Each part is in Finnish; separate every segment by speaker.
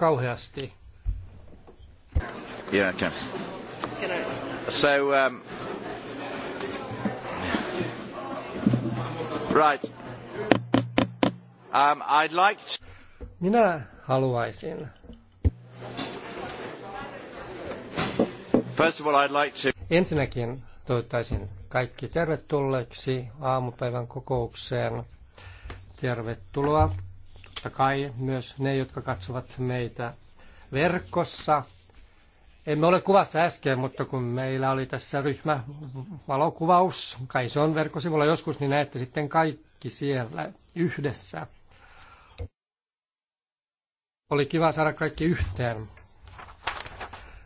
Speaker 1: kauheasti.
Speaker 2: Yeah, okay. So, um, right. Um, I'd like to...
Speaker 1: Minä haluaisin. First of all, I'd like to... Ensinnäkin toivottaisin kaikki tervetulleeksi aamupäivän kokoukseen. Tervetuloa totta kai myös ne, jotka katsovat meitä verkossa. Emme ole kuvassa äsken, mutta kun meillä oli tässä ryhmä valokuvaus, kai se on verkkosivulla joskus, niin näette sitten kaikki siellä yhdessä. Oli kiva saada kaikki yhteen.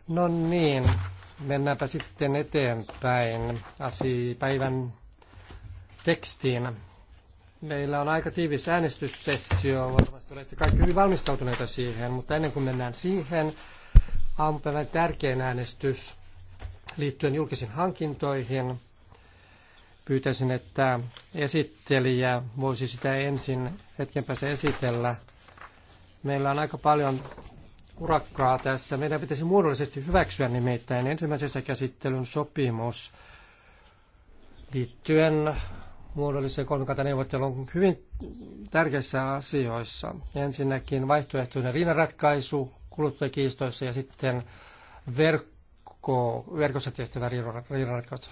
Speaker 1: No niin, mennäänpä sitten eteenpäin asi päivän tekstiin. Meillä on aika tiivis äänestyssessio, varmasti olette kaikki hyvin valmistautuneita siihen, mutta ennen kuin mennään siihen, aamupäivän tärkein äänestys liittyen julkisiin hankintoihin. Pyytäisin, että esittelijä voisi sitä ensin hetken päästä esitellä. Meillä on aika paljon urakkaa tässä. Meidän pitäisi muodollisesti hyväksyä nimittäin ensimmäisessä käsittelyn sopimus liittyen muodollisen kolmikantaneuvottelun hyvin tärkeissä asioissa. Ensinnäkin vaihtoehtoinen riinaratkaisu kuluttajakiistoissa ja sitten verkko, verkossa tehtävä riinaratkaisu.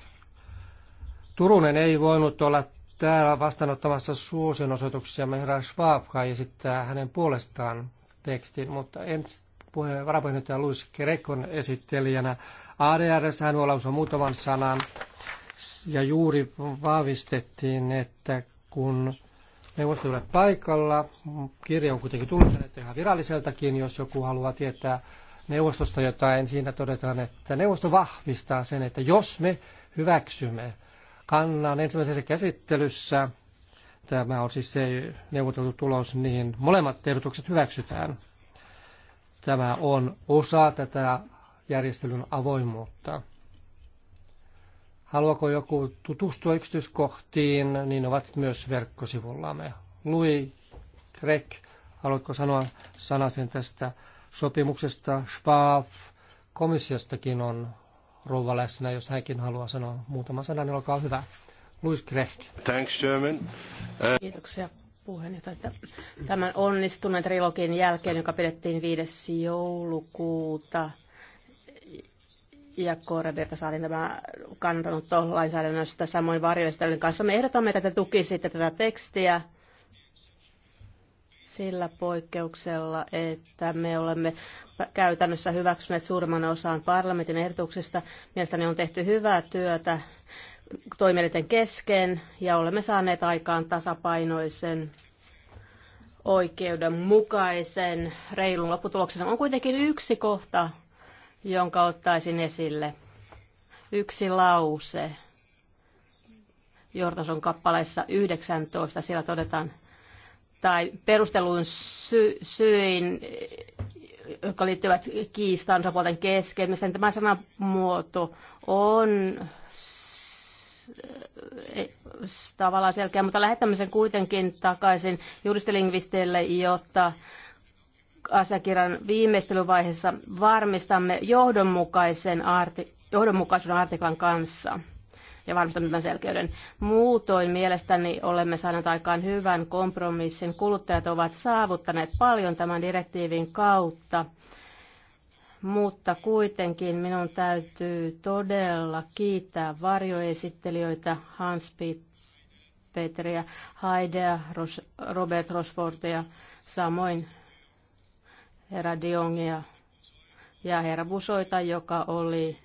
Speaker 1: Turunen ei voinut olla täällä vastaanottamassa suosion osoituksia Schwab kai esittää hänen puolestaan tekstin, mutta ensi puheen, varapuheenjohtaja Luis Grekon esittelijänä ADRS hän voi lausua muutaman sanan ja juuri vahvistettiin, että kun neuvosto tulee paikalla, kirja on kuitenkin tullut ihan viralliseltakin, jos joku haluaa tietää neuvostosta jotain, siinä todetaan, että neuvosto vahvistaa sen, että jos me hyväksymme kannan ensimmäisessä käsittelyssä, tämä on siis se neuvoteltu tulos, niin molemmat ehdotukset hyväksytään. Tämä on osa tätä järjestelyn avoimuutta. Haluako joku tutustua yksityiskohtiin, niin ovat myös verkkosivullamme. Louis Greg, haluatko sanoa sanasen tästä sopimuksesta? Schwab komissiostakin on rouva läsnä, jos hänkin haluaa sanoa muutama sana, niin olkaa hyvä. Louis Greg.
Speaker 2: Thanks, German. Uh...
Speaker 3: Kiitoksia puheenjohtaja.
Speaker 1: Tämän onnistuneen
Speaker 3: trilogin jälkeen, joka pidettiin 5. joulukuuta ja Koira saatiin tämä kannanotto lainsäädännöstä samoin varjoistelun kanssa. Me ehdotamme, että te tukisitte tätä tekstiä sillä poikkeuksella, että me olemme käytännössä hyväksyneet suurimman osan parlamentin ehdotuksista. Mielestäni on tehty hyvää työtä toimielinten kesken ja olemme saaneet aikaan tasapainoisen oikeudenmukaisen reilun lopputuloksen. On kuitenkin yksi kohta, jonka ottaisin esille. Yksi lause. Jortason kappaleessa 19, siellä todetaan, tai perustelun sy- syin, jotka liittyvät kiistaan osapuolten kesken. mistä tämä sanamuoto on e, tavallaan selkeä, mutta lähettämisen kuitenkin takaisin juristilingvisteille, jotta asiakirjan viimeistelyvaiheessa varmistamme johdonmukaisen arti, johdonmukaisen artiklan kanssa ja varmistamme tämän selkeyden. Muutoin mielestäni olemme saaneet aikaan hyvän kompromissin. Kuluttajat ovat saavuttaneet paljon tämän direktiivin kautta, mutta kuitenkin minun täytyy todella kiittää varjoesittelijöitä Hans Petriä, Heidea, Robert Rosfordia, samoin herra Diongia ja herra Busoita, joka oli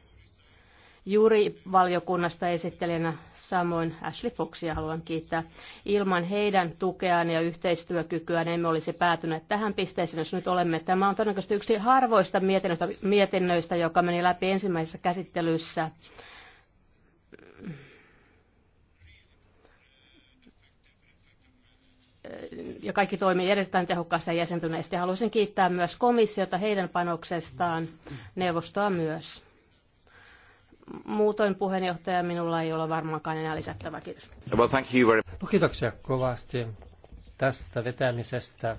Speaker 3: juuri valiokunnasta esittelijänä, samoin Ashley Foxia haluan kiittää. Ilman heidän tukeaan ja yhteistyökykyään emme olisi päätyneet tähän pisteeseen, jos nyt olemme. Tämä on todennäköisesti yksi harvoista mietinnöistä, mietinnöistä joka meni läpi ensimmäisessä käsittelyssä ja kaikki toimii erittäin tehokkaasti ja jäsentyneesti. Haluaisin kiittää myös komissiota heidän panoksestaan, neuvostoa myös. Muutoin puheenjohtaja, minulla ei ole varmaankaan enää lisättävää. Kiitos.
Speaker 1: Well, thank you very... no, kiitoksia kovasti tästä vetämisestä.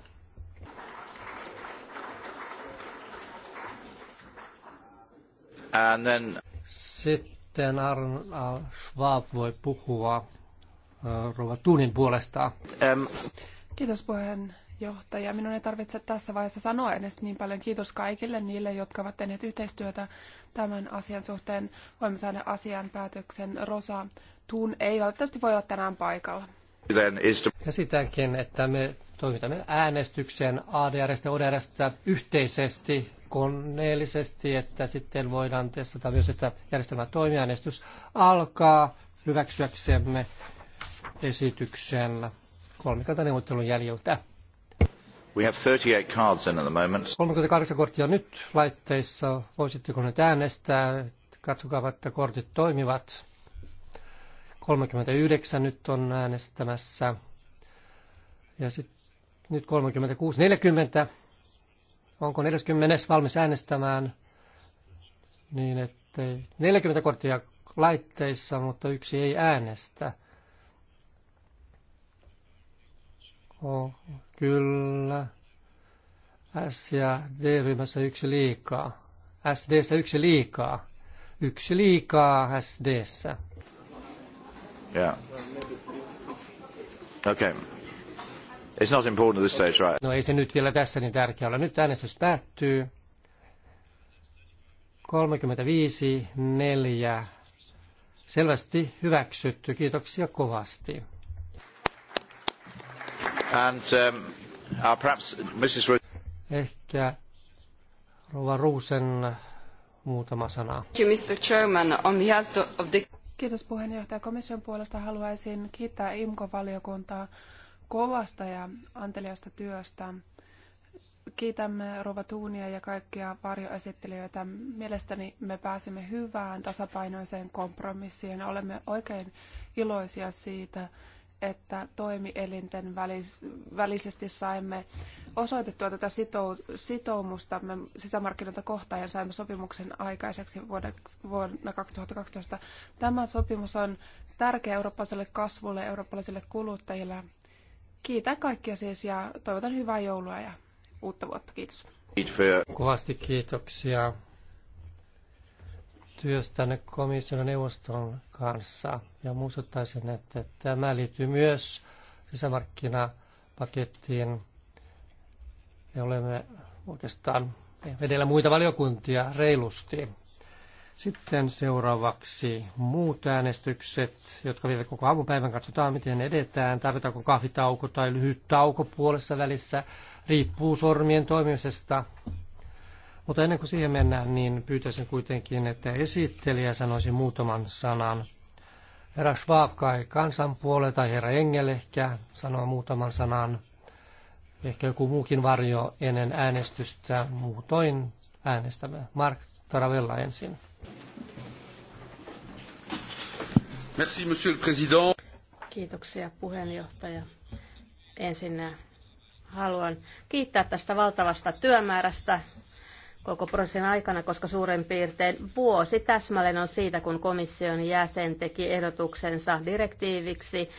Speaker 2: And then...
Speaker 1: Sitten Arnold Schwab voi puhua Äh, Rova Tuunin puolesta. Ähm.
Speaker 4: Kiitos puheenjohtaja. Minun ei tarvitse tässä vaiheessa sanoa edes niin paljon kiitos kaikille niille, jotka ovat tehneet yhteistyötä tämän asian suhteen. Voimme saada asian päätöksen. Rosa Tuun ei valitettavasti voi olla tänään paikalla.
Speaker 1: Käsitänkin, että me toimitamme äänestyksen ADRstä ja ODRstä yhteisesti, koneellisesti, että sitten voidaan testata myös, että järjestelmä toimiäänestys alkaa hyväksyäksemme esityksen kolmikantaneuvottelun jäljiltä.
Speaker 2: We have 38 cards in at the moment. 38
Speaker 1: korttia nyt laitteissa. Voisitteko nyt äänestää? Katsokaa, että kortit toimivat. 39 nyt on äänestämässä. Ja sitten nyt 36, 40. Onko 40 valmis äänestämään? Niin, että 40 korttia laitteissa, mutta yksi ei äänestä. Oh, kyllä. S ja D-ryhmässä yksi liikaa. SDssä yksi liikaa. Yksi liikaa SDssä.
Speaker 2: Yeah. Okay. It's not important at this stage, right?
Speaker 1: No ei se nyt vielä tässä niin tärkeä ole. Nyt äänestys päättyy. 35, 4. Selvästi hyväksytty. Kiitoksia kovasti.
Speaker 2: And um, uh, perhaps Mrs. Ru-
Speaker 1: Ehkä Rova Ruusen muutama sana.
Speaker 4: Chairman. On behalf of the... Kiitos puheenjohtaja. Komission puolesta haluaisin kiittää IMKO-valiokuntaa kovasta ja anteliasta työstä. Kiitämme Rova Tuunia ja kaikkia varjoesittelijöitä. Mielestäni me pääsimme hyvään tasapainoiseen kompromissiin. Olemme oikein iloisia siitä, että toimielinten välis, välisesti saimme osoitettua tätä sitou, sitoumusta sisämarkkinoita kohtaan ja saimme sopimuksen aikaiseksi vuonna 2012. Tämä sopimus on tärkeä eurooppalaiselle kasvulle ja eurooppalaisille kuluttajille. Kiitän kaikkia siis ja toivotan hyvää joulua ja uutta vuotta. Kiitos.
Speaker 1: Kovasti kiitoksia yhteistyöstänne komission ja neuvoston kanssa. Ja muistuttaisin, että tämä liittyy myös sisämarkkinapakettiin. Me olemme oikeastaan edellä muita valiokuntia reilusti. Sitten seuraavaksi muut äänestykset, jotka vievät koko aamupäivän. Katsotaan, miten edetään. Tarvitaanko kahvitauko tai lyhyt tauko puolessa välissä. Riippuu sormien toimimisesta. Mutta ennen kuin siihen mennään, niin pyytäisin kuitenkin, että esittelijä sanoisi muutaman sanan. Herra Schwab kai kansan puolelta tai herra Engel ehkä sanoo muutaman sanan. Ehkä joku muukin varjo ennen äänestystä muutoin äänestämme. Mark Taravella ensin.
Speaker 3: Merci, monsieur le président. Kiitoksia puheenjohtaja. Ensin haluan kiittää tästä valtavasta työmäärästä, koko prosessin aikana, koska suurin piirtein vuosi täsmälleen on siitä, kun komission jäsen teki ehdotuksensa direktiiviksi.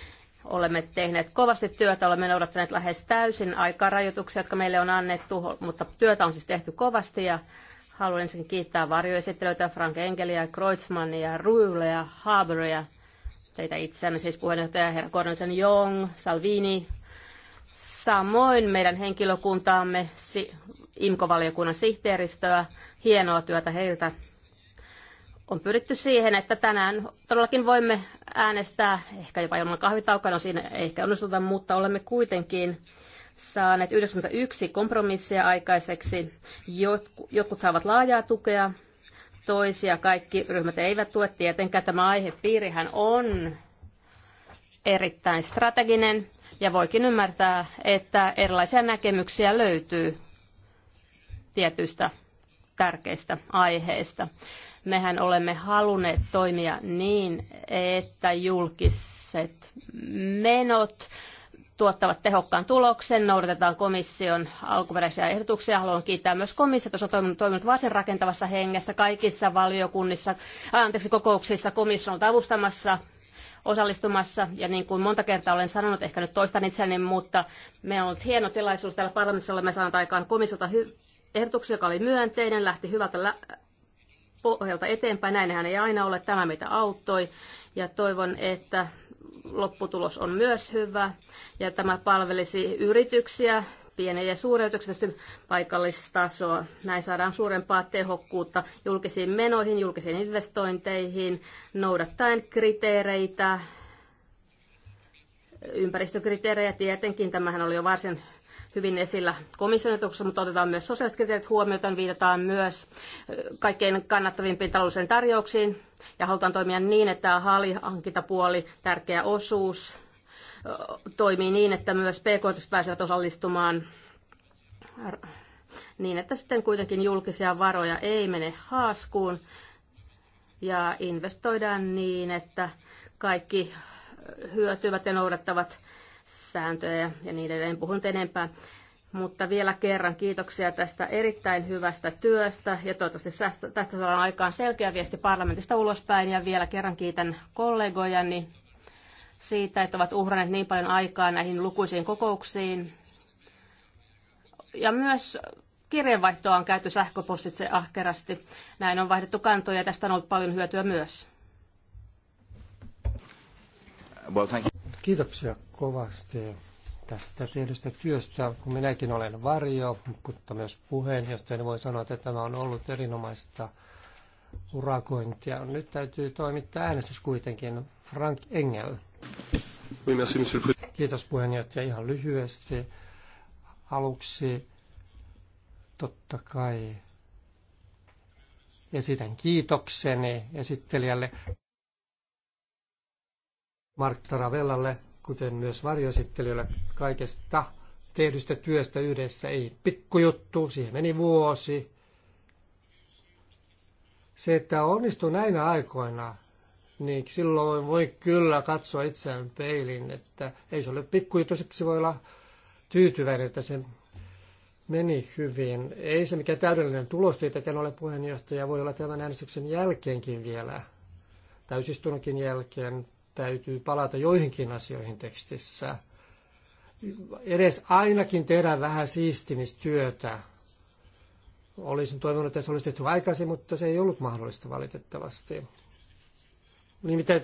Speaker 3: Olemme tehneet kovasti työtä, olemme noudattaneet lähes täysin aikarajoituksia, jotka meille on annettu, mutta työtä on siis tehty kovasti ja haluan ensin kiittää varjoesittelyitä Frank Engelia, Kreutzmannia, Ruylea, Haberia, teitä itseänne, siis puheenjohtaja herra Kornelsen Jong, Salvini, samoin meidän henkilökuntaamme, IMKO-valiokunnan sihteeristöä. Hienoa työtä heiltä. On pyritty siihen, että tänään todellakin voimme äänestää, ehkä jopa ilman kahvitaukana, no siinä ehkä onnistuta, mutta olemme kuitenkin saaneet 91 kompromissia aikaiseksi. Jotkut saavat laajaa tukea, toisia kaikki ryhmät eivät tue. Tietenkään tämä aihepiirihän on erittäin strateginen ja voikin ymmärtää, että erilaisia näkemyksiä löytyy tietyistä tärkeistä aiheista. Mehän olemme halunneet toimia niin, että julkiset menot tuottavat tehokkaan tuloksen, noudatetaan komission alkuperäisiä ehdotuksia. Haluan kiittää myös komissiota, se on toiminut, toiminut varsin rakentavassa hengessä kaikissa valiokunnissa, anteeksi kokouksissa, komissio on avustamassa osallistumassa. Ja niin kuin monta kertaa olen sanonut, ehkä nyt toistan itseäni, mutta meillä on ollut hieno tilaisuus täällä parlamentissa, olemme saaneet aikaan komissiota hy- ehdotuksen, joka oli myönteinen, lähti hyvältä lä- pohjalta eteenpäin. Näinhän ei aina ole tämä, mitä auttoi. Ja toivon, että lopputulos on myös hyvä. Ja tämä palvelisi yrityksiä, pieniä ja suuria yrityksiä, paikallistasoa. Näin saadaan suurempaa tehokkuutta julkisiin menoihin, julkisiin investointeihin, noudattaen kriteereitä, ympäristökriteerejä tietenkin. Tämähän oli jo varsin hyvin esillä komission etuksessa, mutta otetaan myös sosiaaliset kriteerit huomioon, viitataan myös kaikkein kannattavimpiin taloudellisiin tarjouksiin ja halutaan toimia niin, että halihankintapuoli tärkeä osuus, toimii niin, että myös pk pääsevät osallistumaan niin, että sitten kuitenkin julkisia varoja ei mene haaskuun ja investoidaan niin, että kaikki hyötyvät ja noudattavat sääntöjä ja niin edelleen. En puhunut enempää. Mutta vielä kerran kiitoksia tästä erittäin hyvästä työstä ja toivottavasti tästä saadaan aikaan selkeä viesti parlamentista ulospäin. Ja vielä kerran kiitän kollegojani siitä, että ovat uhranneet niin paljon aikaa näihin lukuisiin kokouksiin. Ja myös kirjeenvaihtoa on käyty sähköpostitse ahkerasti. Näin on vaihdettu kantoja ja tästä on ollut paljon hyötyä myös.
Speaker 1: Well, thank you. Kiitoksia kovasti tästä tehdystä työstä, kun minäkin olen varjo, mutta myös puheenjohtajana niin voi sanoa, että tämä on ollut erinomaista urakointia. Nyt täytyy toimittaa äänestys kuitenkin. Frank Engel. Kiitos puheenjohtaja. Ihan lyhyesti. Aluksi totta kai esitän kiitokseni esittelijälle Mark Taravellalle kuten myös varjoesittelijöillä kaikesta tehdystä työstä yhdessä. Ei pikkujuttu, siihen meni vuosi. Se, että onnistuu näinä aikoina, niin silloin voi kyllä katsoa itseään peilin, että ei se ole pikkujuttu, siksi voi olla tyytyväinen, että se meni hyvin. Ei se mikä täydellinen tulos tietenkään ole puheenjohtaja, voi olla tämän äänestyksen jälkeenkin vielä, täysistunnokin jälkeen täytyy palata joihinkin asioihin tekstissä. Edes ainakin tehdä vähän siistimistyötä. Olisin toivonut, että se olisi tehty aikaisin, mutta se ei ollut mahdollista valitettavasti. Nimittäin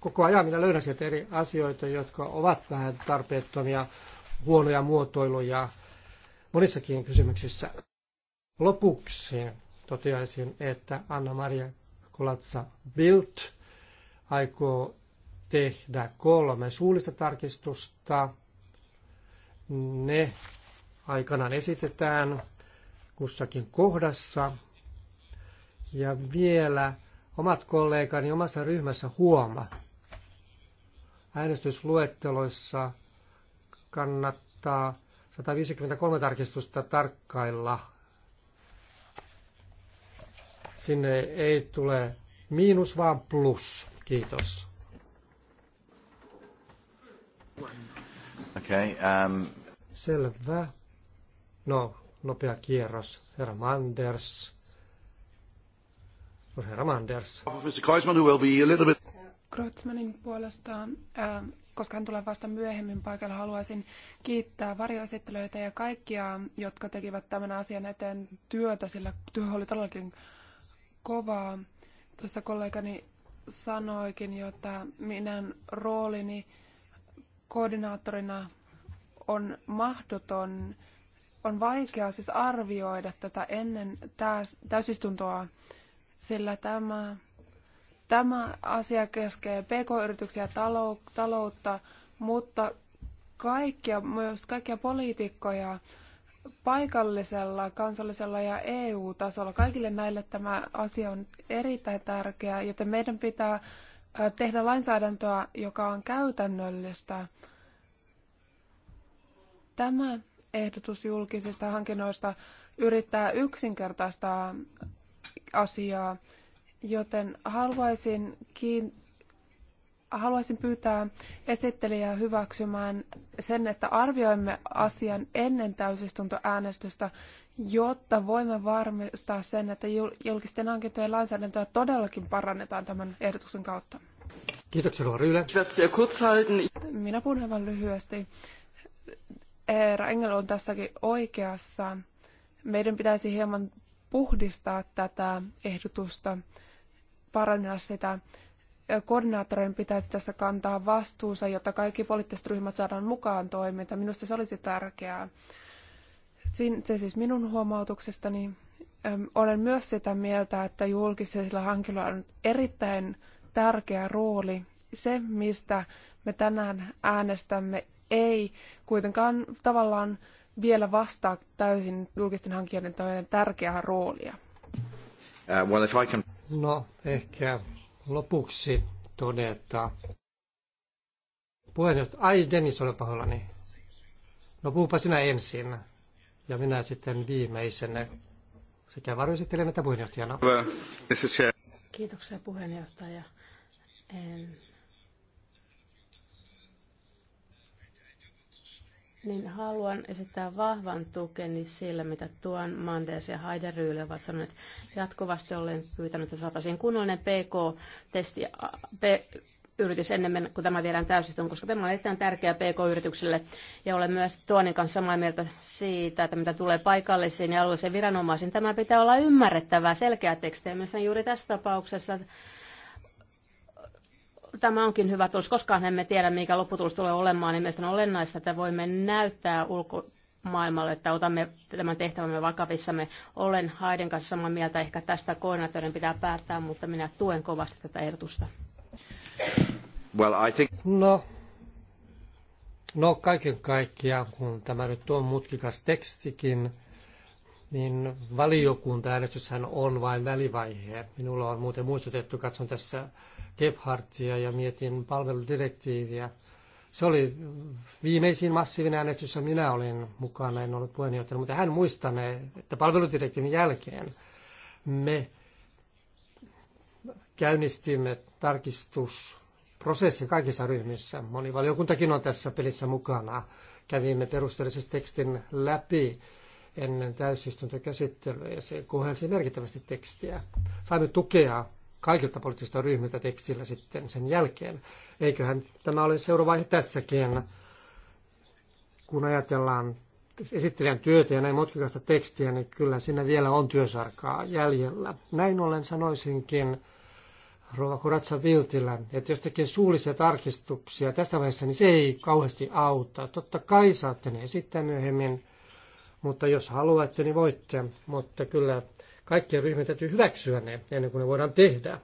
Speaker 1: koko ajan minä löydän sieltä eri asioita, jotka ovat vähän tarpeettomia, huonoja muotoiluja monissakin kysymyksissä. Lopuksi toteaisin, että Anna-Maria Kolatsa Bilt aikoo tehdä kolme suullista tarkistusta. Ne aikanaan esitetään kussakin kohdassa. Ja vielä omat kollegani omassa ryhmässä huoma. Äänestysluetteloissa kannattaa 153 tarkistusta tarkkailla. Sinne ei tule miinus, vaan plus. Kiitos.
Speaker 2: Okay, um...
Speaker 1: Selvä. No, nopea kierros. Herra Manders. Herra Manders. Mr.
Speaker 4: Kreutzmanin puolestaan, äh, koska hän tulee vasta myöhemmin paikalla, haluaisin kiittää varjoesittelyitä ja kaikkia, jotka tekivät tämän asian eteen työtä, sillä työ oli todellakin kovaa. Tuossa kollegani sanoikin jo, että minä roolini äh, koordinaattorina on mahdoton, on vaikea siis arvioida tätä ennen täysistuntoa, sillä tämä, tämä asia keskee pk-yrityksiä talou, taloutta, mutta kaikkia, myös kaikkia poliitikkoja paikallisella, kansallisella ja EU-tasolla. Kaikille näille tämä asia on erittäin tärkeä, joten meidän pitää tehdä lainsäädäntöä, joka on käytännöllistä. Tämä ehdotus julkisista hankinnoista yrittää yksinkertaistaa asiaa, joten haluaisin haluaisin pyytää esittelijää hyväksymään sen, että arvioimme asian ennen täysistuntoäänestystä, jotta voimme varmistaa sen, että julkisten hankintojen lainsäädäntöä todellakin parannetaan tämän ehdotuksen kautta.
Speaker 1: Kiitoksia, Rova Ryylä.
Speaker 4: Minä puhun aivan lyhyesti. Eera Engel on tässäkin oikeassa. Meidän pitäisi hieman puhdistaa tätä ehdotusta, parantaa sitä koordinaattorin pitäisi tässä kantaa vastuunsa, jotta kaikki poliittiset ryhmät saadaan mukaan toimintaan. Minusta se olisi tärkeää. Se siis minun huomautuksestani. Olen myös sitä mieltä, että julkisilla hankilla on erittäin tärkeä rooli. Se, mistä me tänään äänestämme, ei kuitenkaan tavallaan vielä vastaa täysin julkisten hankijoiden tärkeää
Speaker 1: roolia. Uh, no, ehkä lopuksi todeta. Puheenjohtaja, ai Dennis, ole pahoillani. No puhupa sinä ensin ja minä sitten viimeisenä sekä varoisittelen että puheenjohtajana.
Speaker 3: Kiitoksia puheenjohtaja. niin haluan esittää vahvan tukeni sille, mitä tuon Manders ja Haideryyli ovat sanoneet. Jatkuvasti olen pyytänyt, että saataisiin kunnollinen PK-testi, yritys ennen kuin tämä viedään täysistun, koska tämä on erittäin tärkeä PK-yritykselle. Ja olen myös Tuonin kanssa samaa mieltä siitä, että mitä tulee paikallisiin ja alueellisiin viranomaisiin, tämä pitää olla ymmärrettävää, selkeä tekstejä. myös juuri tässä tapauksessa tämä onkin hyvä tulos. Koskaan emme tiedä, mikä lopputulos tulee olemaan, niin mielestäni on olennaista, että voimme näyttää ulko, maailmalle, että otamme tämän tehtävämme vakavissamme. Olen Haiden kanssa samaa mieltä, ehkä tästä koordinaattorin pitää päättää, mutta minä tuen kovasti tätä ehdotusta.
Speaker 1: Well, I think... no, no, kaiken kaikkiaan, kun tämä nyt on mutkikas tekstikin, niin valiokuntaäänestyshän on vain välivaihe. Minulla on muuten muistutettu, katson tässä Gebhardtia ja mietin palveludirektiiviä. Se oli viimeisin massiivinen äänestys, jossa minä olin mukana, en ollut puheenjohtaja, mutta hän muistanee, että palveludirektiivin jälkeen me käynnistimme tarkistusprosessin kaikissa ryhmissä. Moni valiokuntakin on tässä pelissä mukana. Kävimme perusteellisesti tekstin läpi ennen täysistuntokäsittelyä ja se kohelsi merkittävästi tekstiä. Saimme tukea kaikilta poliittisilta ryhmiltä tekstillä sitten sen jälkeen. Eiköhän tämä ole seuraava vaihe tässäkin, kun ajatellaan esittelijän työtä ja näin motkikasta tekstiä, niin kyllä siinä vielä on työsarkaa jäljellä. Näin ollen sanoisinkin Rova Kuratsa Viltillä, että jos tekee suullisia tarkistuksia tästä vaiheessa, niin se ei kauheasti auta. Totta kai saatte ne esittää myöhemmin, mutta jos haluatte, niin voitte. Mutta kyllä kaikkien ryhmien täytyy hyväksyä ne ennen kuin ne voidaan tehdä.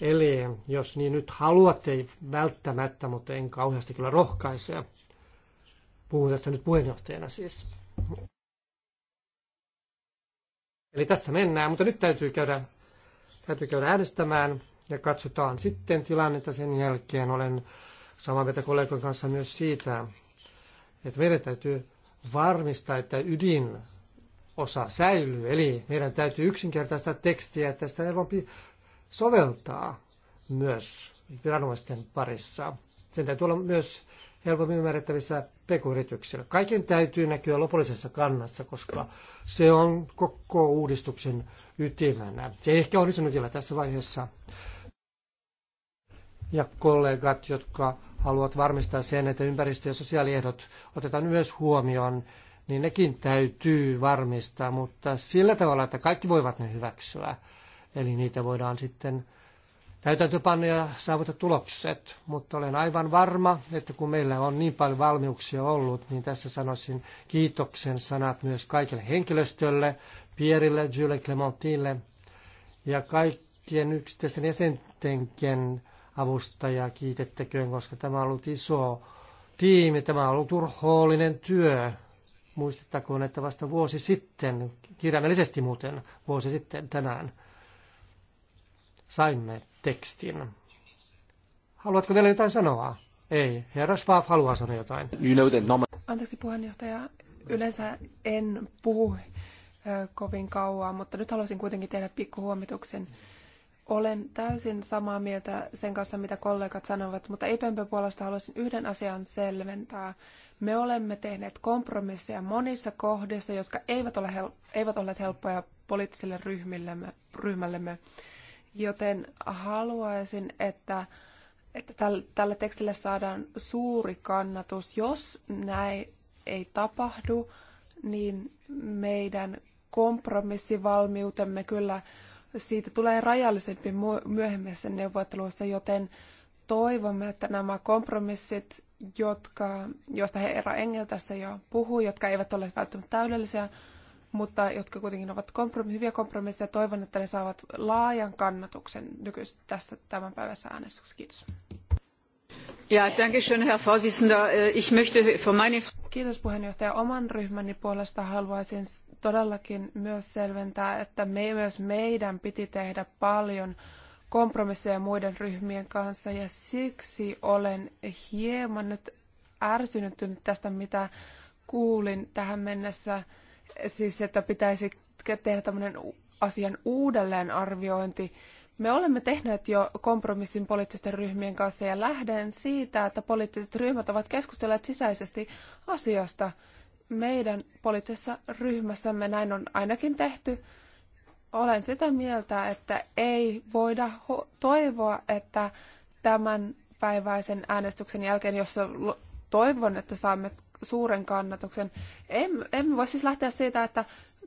Speaker 1: Eli jos niin nyt haluatte, ei välttämättä, mutta en kauheasti kyllä rohkaise. Puhun tässä nyt puheenjohtajana siis. Eli tässä mennään, mutta nyt täytyy käydä, täytyy käydä äänestämään ja katsotaan sitten tilannetta sen jälkeen. Olen samaa mieltä kollegojen kanssa myös siitä, että meidän täytyy varmistaa, että ydin osa säilyy. Eli meidän täytyy yksinkertaista tekstiä, että sitä helpompi soveltaa myös viranomaisten parissa. Sen täytyy olla myös helpommin ymmärrettävissä pekuyrityksillä. Kaiken täytyy näkyä lopullisessa kannassa, koska se on koko uudistuksen ytimenä. Se ei ehkä onnistunut vielä tässä vaiheessa, ja kollegat, jotka haluavat varmistaa sen, että ympäristö- ja sosiaaliehdot otetaan myös huomioon, niin nekin täytyy varmistaa, mutta sillä tavalla, että kaikki voivat ne hyväksyä. Eli niitä voidaan sitten täytäntöpanna ja saavuttaa tulokset. Mutta olen aivan varma, että kun meillä on niin paljon valmiuksia ollut, niin tässä sanoisin kiitoksen sanat myös kaikille henkilöstölle, Pierille, Julie Clementille ja kaikkien yksittäisten jäsentenkin avustajaa kiitettäköön, koska tämä on ollut iso tiimi, tämä on ollut turhoollinen työ. Muistettakoon, että vasta vuosi sitten, kirjaimellisesti muuten vuosi sitten tänään, saimme tekstin. Haluatko vielä jotain sanoa? Ei, herra Schwab haluaa sanoa jotain.
Speaker 4: Anteeksi puheenjohtaja, yleensä en puhu kovin kauan, mutta nyt haluaisin kuitenkin tehdä pikkuhuomituksen. Olen täysin samaa mieltä sen kanssa, mitä kollegat sanovat, mutta IPMPn e puolesta haluaisin yhden asian selventää. Me olemme tehneet kompromisseja monissa kohdissa, jotka eivät ole hel- eivät olleet helppoja poliittiselle ryhmillemme, ryhmällemme, joten haluaisin, että että tälle tekstille saadaan suuri kannatus. Jos näin ei tapahdu, niin meidän kompromissivalmiutemme kyllä siitä tulee rajallisempi myöhemmissä neuvotteluissa, joten toivomme, että nämä kompromissit, jotka, joista herra Engel tässä jo puhuu, jotka eivät ole välttämättä täydellisiä, mutta jotka kuitenkin ovat hyviä kompromisseja. Toivon, että ne saavat laajan kannatuksen nykyisessä tässä tämän päivässä äänestyksessä. Kiitos.
Speaker 3: Ja, danke schön, Herr Vorsitzender. Äh, ich möchte für meine...
Speaker 4: Kiitos puheenjohtaja. Oman ryhmäni puolesta haluaisin todellakin myös selventää, että me, myös meidän piti tehdä paljon kompromisseja muiden ryhmien kanssa ja siksi olen hieman nyt ärsynyt tästä, mitä kuulin tähän mennessä, siis että pitäisi tehdä tämmöinen asian uudelleenarviointi. Me olemme tehneet jo kompromissin poliittisten ryhmien kanssa ja lähden siitä, että poliittiset ryhmät ovat keskustelleet sisäisesti asiasta meidän poliittisessa ryhmässämme näin on ainakin tehty. Olen sitä mieltä, että ei voida toivoa, että tämän päiväisen äänestyksen jälkeen, jossa toivon, että saamme suuren kannatuksen, emme, emme voi siis lähteä siitä, että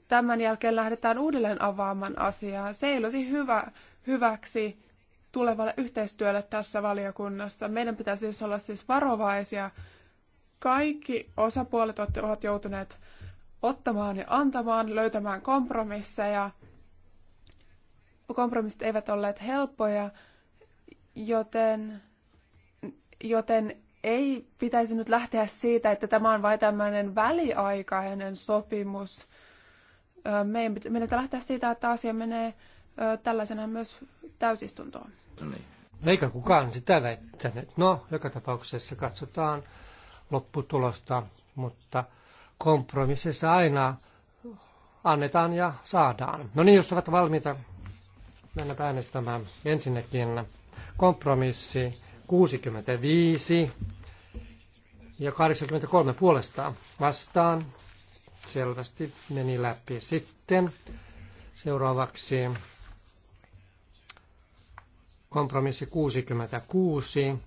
Speaker 4: tämän jälkeen lähdetään uudelleen avaamaan asiaa. Se ei olisi hyvä, hyväksi tulevalle yhteistyölle tässä valiokunnassa. Meidän pitäisi siis olla siis varovaisia kaikki osapuolet ovat joutuneet ottamaan ja antamaan, löytämään kompromisseja. Kompromissit eivät olleet helppoja, joten, joten ei pitäisi nyt lähteä siitä, että tämä on vain tämmöinen väliaikainen sopimus. Meidän pitää lähteä siitä, että asia menee tällaisena myös täysistuntoon.
Speaker 1: Niin. Eikä kukaan sitä väittänyt. No, joka tapauksessa katsotaan, lopputulosta, mutta kompromississa aina annetaan ja saadaan. No niin, jos ovat valmiita, mennä äänestämään. Ensinnäkin kompromissi 65 ja 83 puolestaan vastaan. Selvästi meni läpi sitten. Seuraavaksi kompromissi 66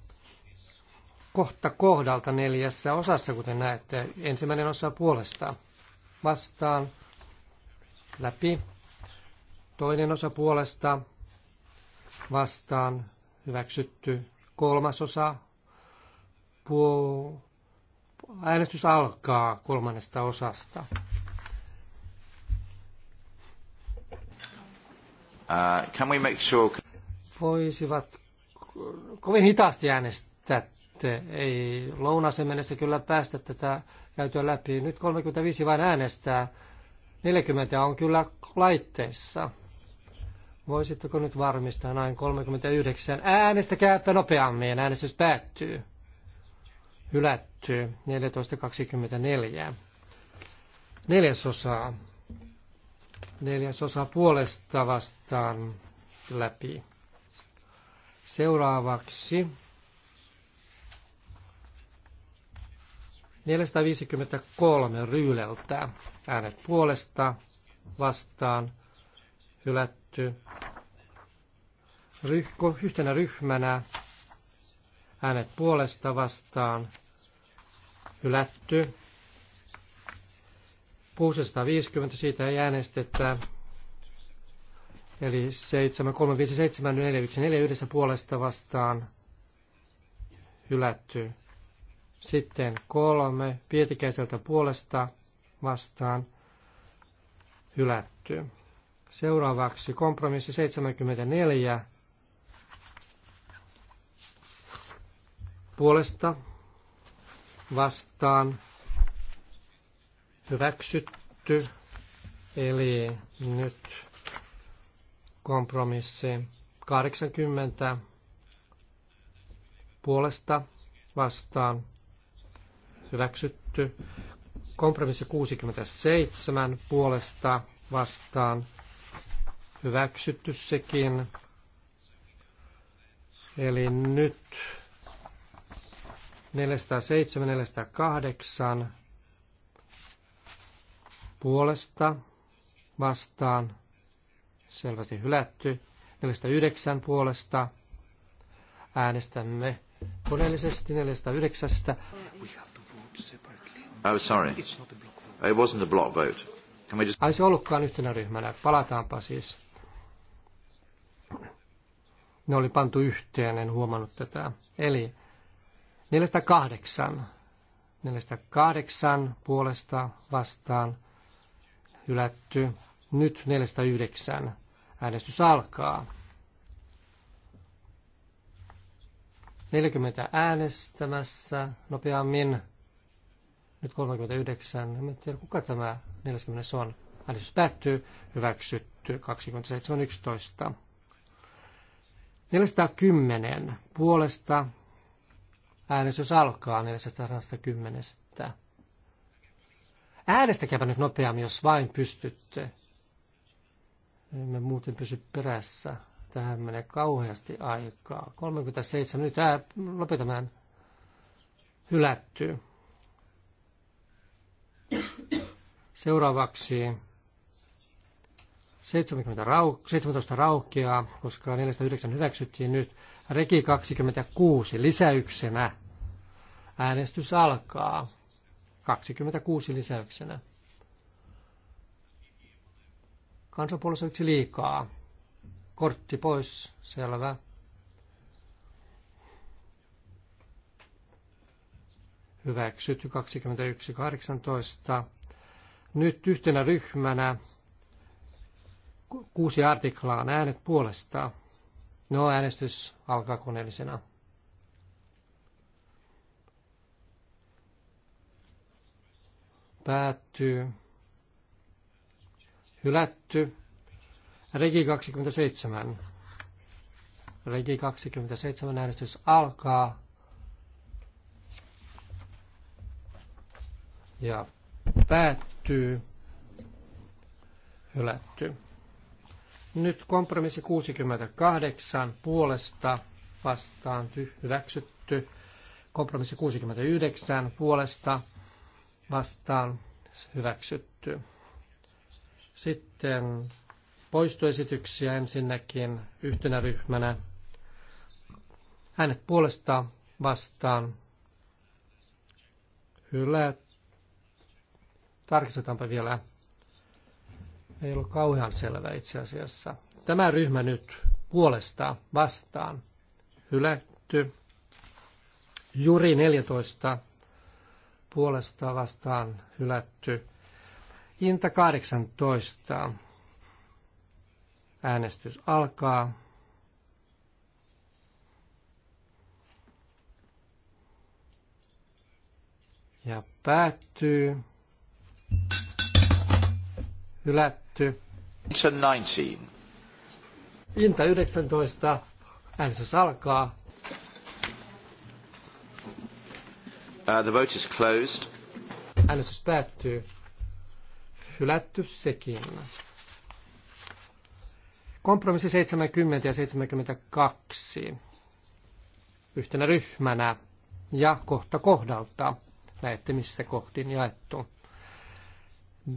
Speaker 1: kohta kohdalta neljässä osassa, kuten näette. Ensimmäinen osa puolesta vastaan läpi. Toinen osa puolesta vastaan hyväksytty. Kolmas osa puolesta äänestys alkaa kolmannesta osasta.
Speaker 2: Uh, can we make sure...
Speaker 1: Voisivat kovin hitaasti äänestää te ei lounasen mennessä kyllä päästä tätä käytyä läpi. Nyt 35 vain äänestää, 40 on kyllä laitteessa. Voisitteko nyt varmistaa näin 39? Äänestäkääpä nopeammin, äänestys päättyy. Hylättyy. 14.24. Neljäsosaa. Neljäsosa puolesta vastaan läpi. Seuraavaksi 453 Ryyleltä. Äänet puolesta, vastaan, hylätty. Ryhko, yhtenä ryhmänä äänet puolesta vastaan, hylätty. 650 siitä ei äänestetä. Eli 7357 yhdessä puolesta vastaan, hylätty. Sitten kolme pietikäiseltä puolesta vastaan hylätty. Seuraavaksi kompromissi 74 puolesta vastaan hyväksytty. Eli nyt kompromissi 80 puolesta vastaan hyväksytty. Kompromissi 67 puolesta vastaan hyväksytty sekin. Eli nyt 407, 408 puolesta vastaan selvästi hylätty. 409 puolesta äänestämme koneellisesti 409.
Speaker 2: Oh, sorry. It wasn't a block vote. Can we just...
Speaker 1: Ai se ollutkaan yhtenä ryhmänä. Palataanpa siis. Ne oli pantu yhteen, en huomannut tätä. Eli 408. 408 puolesta vastaan hylätty. Nyt 409. Äänestys alkaa. 40 äänestämässä nopeammin. Nyt 39. En tiedä, kuka tämä 40 on. Äänestys päättyy. Hyväksytty. 27. 11. 410 puolesta äänestys alkaa 410. Äänestäkääpä nyt nopeammin, jos vain pystytte. Emme muuten pysy perässä. Tähän menee kauheasti aikaa. 37. Nyt lopetamään. Hylättyy. Seuraavaksi 70 rau, 17 raukkia, koska 49 hyväksyttiin nyt. Reki 26 lisäyksenä. Äänestys alkaa. 26 lisäyksenä. Kansanpuolessa yksi liikaa. Kortti pois, selvä. hyväksytty 21.18. Nyt yhtenä ryhmänä kuusi artiklaa on äänet puolesta. No, äänestys alkaa koneellisena. Päättyy. Hylätty. Regi 27. Regi 27 äänestys alkaa. ja päättyy, hylätty. Nyt kompromissi 68 puolesta vastaan hyväksytty. Kompromissi 69 puolesta vastaan hyväksytty. Sitten poistoesityksiä ensinnäkin yhtenä ryhmänä. Äänet puolesta vastaan hylätty Tarkistetaanpa vielä. Ei ollut kauhean selvä itse asiassa. Tämä ryhmä nyt puolesta vastaan hylätty. Juri 14 puolesta vastaan hylätty. Inta 18. Äänestys alkaa. Ja päättyy. Hylätty. 19. Inta 19. Äänestys alkaa.
Speaker 2: Uh, the vote is closed.
Speaker 1: Äänestys päättyy. Hylätty sekin. Kompromissi 70 ja 72 yhtenä ryhmänä ja kohta kohdalta. Näette, missä kohdin jaettu.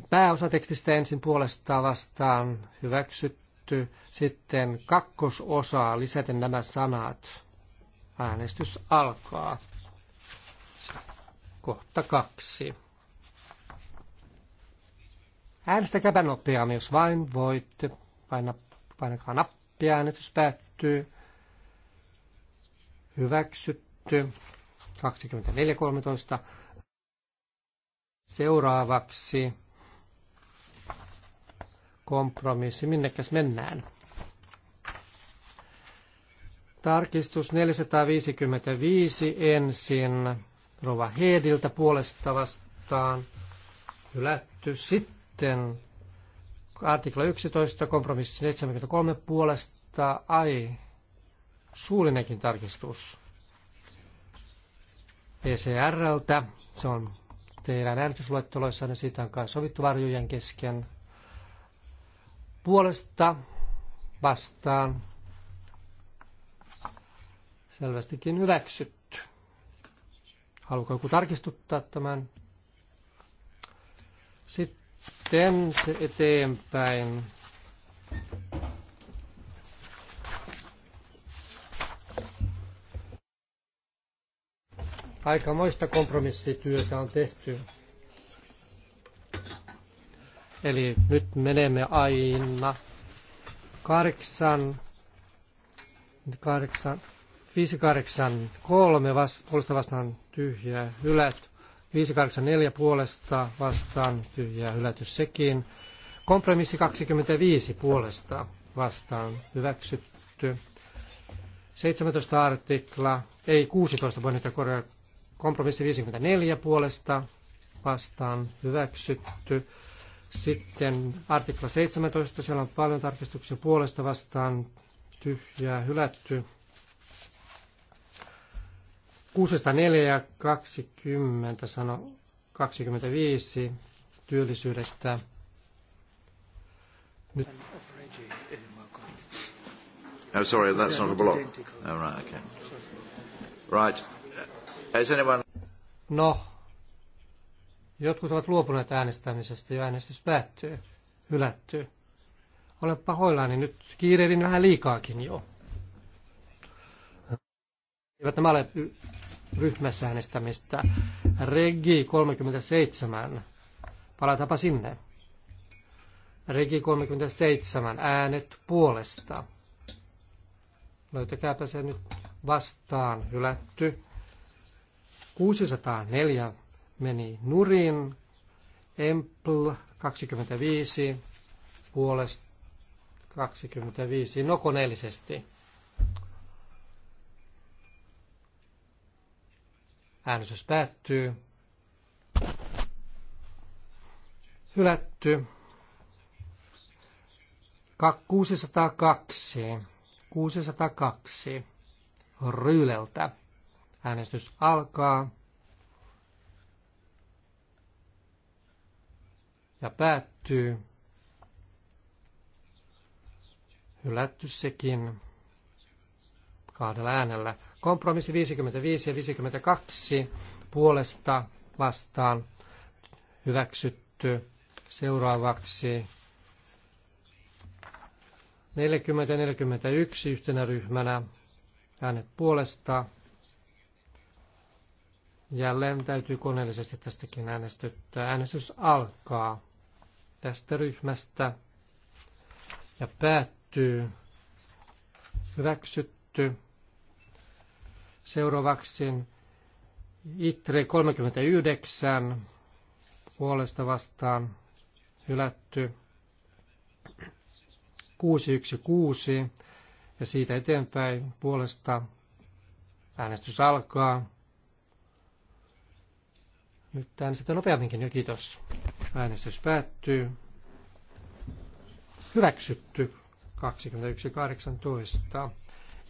Speaker 1: Pääosa tekstistä ensin puolestaan vastaan hyväksytty, sitten kakkososaa lisäten nämä sanat. Äänestys alkaa. Kohta kaksi. Äänestäkääpä nopeammin, jos vain voitte. Paina, painakaa nappia, äänestys päättyy. Hyväksytty. 24.13. Seuraavaksi kompromissi. Minnekäs mennään? Tarkistus 455 ensin Rova Heediltä puolesta vastaan. Hylätty sitten artikla 11, kompromissi 73 puolesta. Ai, suullinenkin tarkistus PCRltä. Se on teidän äänestysluetteloissanne, siitä on kai sovittu varjojen kesken puolesta vastaan selvästikin hyväksytty. Haluatko joku tarkistuttaa tämän? Sitten se eteenpäin. Aikamoista kompromissityötä on tehty. Eli nyt menemme aina 8, 8, 5, 8, 3 puolesta vastaan tyhjää hylät. 5, 8, 4 puolesta vastaan tyhjää hyläty sekin. Kompromissi 25 puolesta vastaan hyväksytty. 17 artikla, ei 16 bonita korjaa, kompromissi 54 puolesta vastaan hyväksytty. Sitten artikla 17, siellä on paljon tarkistuksia puolesta vastaan, tyhjää hylätty. 604 ja 20, sano 25 työllisyydestä. Nyt.
Speaker 2: Oh, sorry, that's not a block. Oh, right, okay. Right. Has anyone... No,
Speaker 1: Jotkut ovat luopuneet äänestämisestä ja äänestys päättyy, hylättyy. Olen pahoillani, nyt kiireilin vähän liikaakin jo. Eivät nämä ole ryhmässä äänestämistä. Regi 37. Palataanpa sinne. Regi 37. Äänet puolesta. Löytäkääpä se nyt vastaan. Hylätty. 604 meni nurin. Empl 25 puolesta 25 nokoneellisesti. Äänestys päättyy. Hylätty. 602. 602. Ryyleltä. Äänestys alkaa. ja päättyy. Hylätty sekin kahdella äänellä. Kompromissi 55 ja 52 puolesta vastaan hyväksytty. Seuraavaksi 40 ja 41 yhtenä ryhmänä äänet puolesta. Jälleen täytyy koneellisesti tästäkin äänestyttää. Äänestys alkaa tästä ryhmästä ja päättyy hyväksytty. Seuraavaksi ITRE 39 puolesta vastaan hylätty 616 ja siitä eteenpäin puolesta äänestys alkaa. Nyt äänestetään nopeamminkin jo, kiitos. Äänestys päättyy. Hyväksytty 21.18.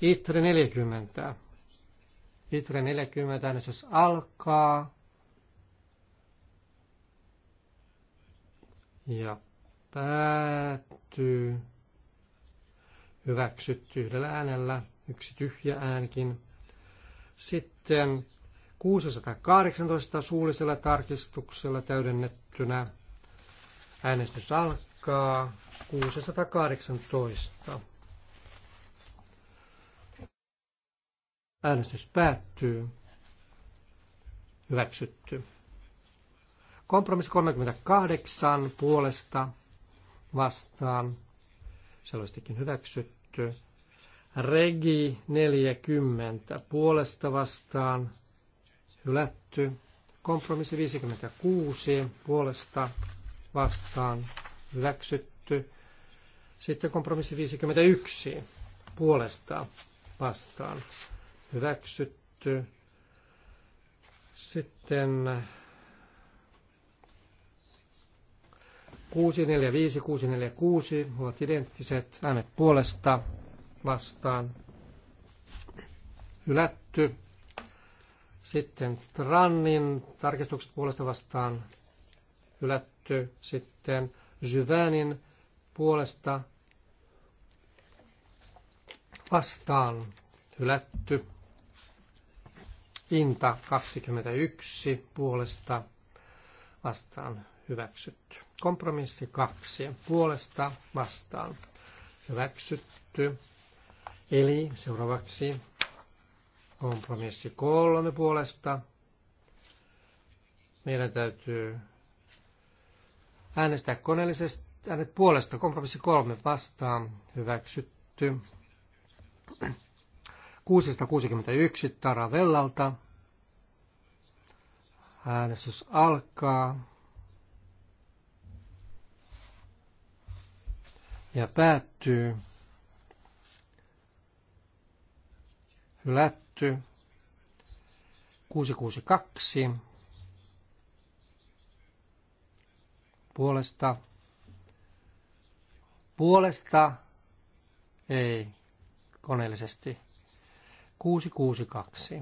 Speaker 1: Itre 40. Itre 40 äänestys alkaa. Ja päättyy. Hyväksytty yhdellä äänellä, yksi tyhjä äänikin. Sitten 618 suullisella tarkistuksella täydennetty Hyväksyttynä. Äänestys alkaa 618. Äänestys päättyy. Hyväksytty. Kompromissi 38 puolesta vastaan. Selvästikin hyväksytty. Regi 40 puolesta vastaan. Hylätty. Kompromissi 56 puolesta vastaan hyväksytty. Sitten kompromissi 51 puolesta vastaan hyväksytty. Sitten 645, 646 ovat identtiset äänet puolesta vastaan hylätty. Sitten Trannin tarkistukset puolesta vastaan hylätty. Sitten Jyvänin puolesta vastaan hylätty. Inta 21 puolesta vastaan hyväksytty. Kompromissi 2 puolesta vastaan hyväksytty. Eli seuraavaksi Kompromissi kolme puolesta. Meidän täytyy äänestää koneellisesti äänet puolesta. Kompromissi kolme vastaan hyväksytty. 661 Taravellalta. Äänestys alkaa. Ja päättyy. Hylätty hylätty. 662 puolesta puolesta ei koneellisesti 662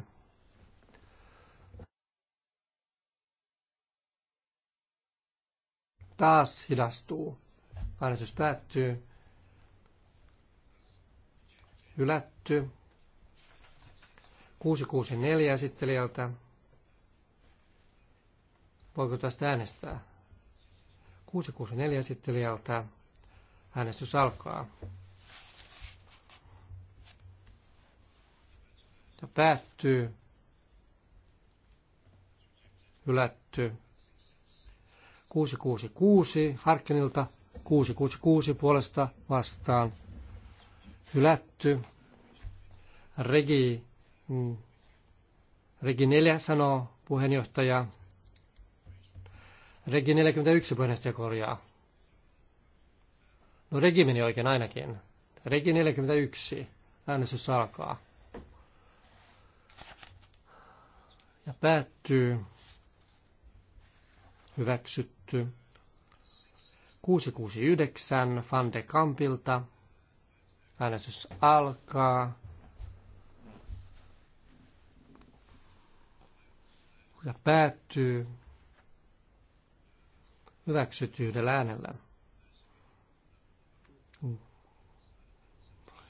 Speaker 1: taas hidastuu äänestys päättyy hylätty 664 esittelijältä. Voiko tästä äänestää? 664 esittelijältä. Äänestys alkaa. Ja päättyy. Hylätty. 666 Harkkinilta. 666 puolesta vastaan. Hylätty. Regi Mm. Regi 4 sanoo puheenjohtaja. Regi 41 puheenjohtaja korjaa. No Regi meni oikein ainakin. Regi 41. Äänestys alkaa. Ja päättyy. Hyväksytty. 669 Van de Kampilta. Äänestys alkaa. ja päättyy hyväksytyydellä äänellä.